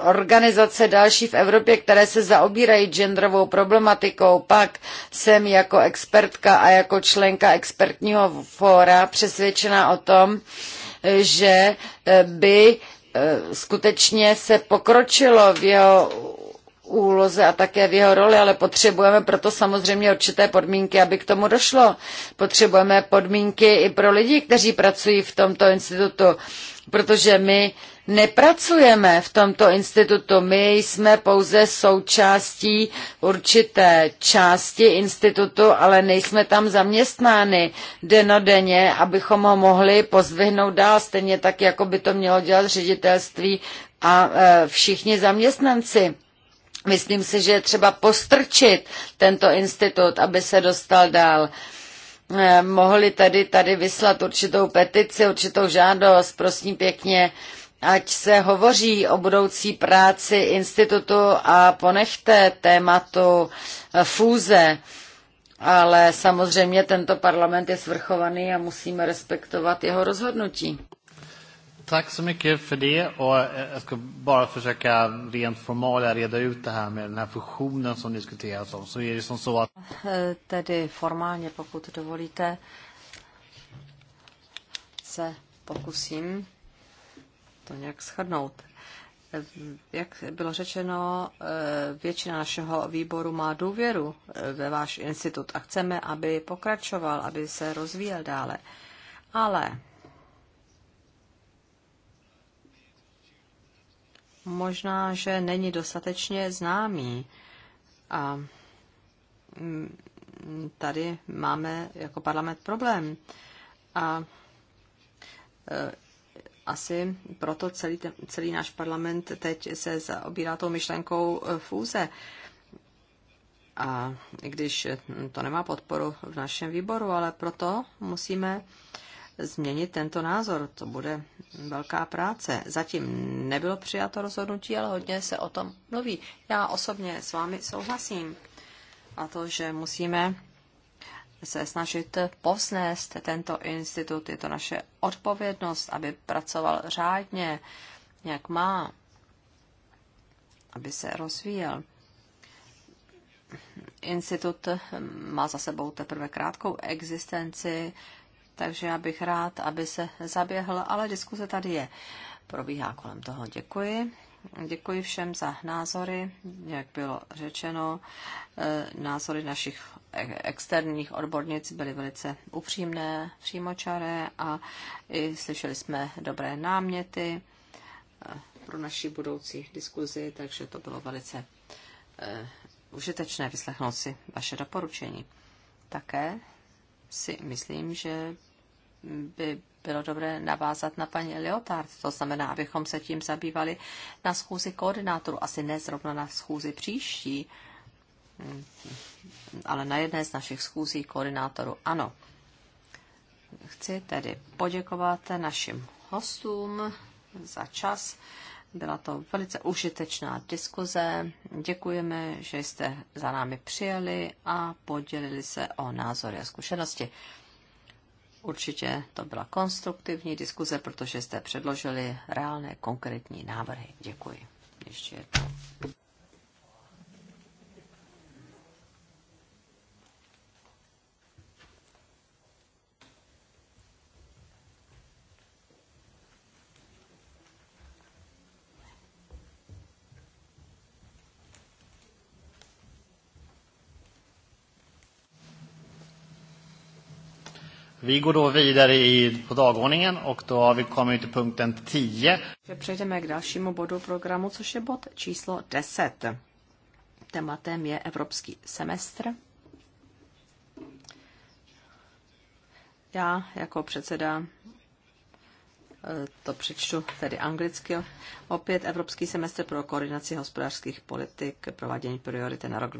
organizace další v Evropě, které se zaobírají genderovou problematikou. Pak jsem jako expertka a jako členka expertního fóra přesvědčena o tom, že eh, by eh, skutečně se pokročilo v jeho úloze a také v jeho roli, ale potřebujeme proto samozřejmě určité podmínky, aby k tomu došlo. Potřebujeme podmínky i pro lidi, kteří pracují v tomto institutu protože my nepracujeme v tomto institutu, my jsme pouze součástí určité části institutu, ale nejsme tam zaměstnány denodenně, abychom ho mohli pozdvihnout dál, stejně tak, jako by to mělo dělat ředitelství a e, všichni zaměstnanci. Myslím si, že je třeba postrčit tento institut, aby se dostal dál. Eh, mohli tady, tady vyslat určitou petici, určitou žádost, prosím pěkně, ať se hovoří o budoucí práci institutu a ponechte tématu eh, fůze. Ale samozřejmě tento parlament je svrchovaný a musíme respektovat jeho rozhodnutí. Tack så mycket för det. Och eh, jag ska bara försöka rent formala reda ut det här med den här fusionen som diskuteras om. Så är det som så att... Eh, tedy formálně, pokud dovolíte, se pokusím to nějak shrnout. Eh, jak bylo řečeno, většina našeho výboru má důvěru ve váš institut a chceme, aby pokračoval, aby se rozvíjel dále. Ale možná, že není dostatečně známý. A mm, tady máme jako parlament problém. A e, asi proto celý, celý náš parlament teď se zaobírá tou myšlenkou e, fůze. A i když to nemá podporu v našem výboru, ale proto musíme uh, změnit tento názor. To bude velká práce. Zatím nebylo přijato rozhodnutí, ale hodně se o tom mluví. Já osobně s vámi souhlasím. A to, že musíme se snažit povznést tento institut, je to naše odpovědnost, aby pracoval řádně, jak má, aby se rozvíjel. Institut má za sebou teprve krátkou existenci, takže já bych rád, aby se zaběhl, ale diskuze tady je. Probíhá kolem toho. Děkuji. Děkuji všem za názory, jak bylo řečeno. Eh, názory našich e- externích odbornic byly velice upřímné, přímočaré a i slyšeli jsme dobré náměty eh, pro naši budoucí diskuzi, takže to bylo velice eh, užitečné vyslechnout si vaše doporučení. Také si myslím, že by bylo dobré navázat na paní Leotard. To znamená, abychom se tím zabývali na schůzi koordinátorů, asi ne zrovna na schůzi příští, ale na jedné z našich schůzí koordinátorů. Ano. Chci tedy poděkovat našim hostům za čas. Byla to velice užitečná diskuze. Děkujeme, že jste za námi přijeli a podělili se o názory a zkušenosti. Určitě to byla konstruktivní diskuze, protože jste předložili reálné konkrétní návrhy. Děkuji ještě jednou. Vi går då vidare i, på dagordningen och då har vi kommit till punkten 10. Vi Přejdeme k dalšímu bodu programu, což je bod číslo 10. Tématem je evropský semestr. Já jako předseda eh, to přečtu tedy anglicky. Opět Evropský semestr pro koordinaci hospodářských politik, provádění priority na rok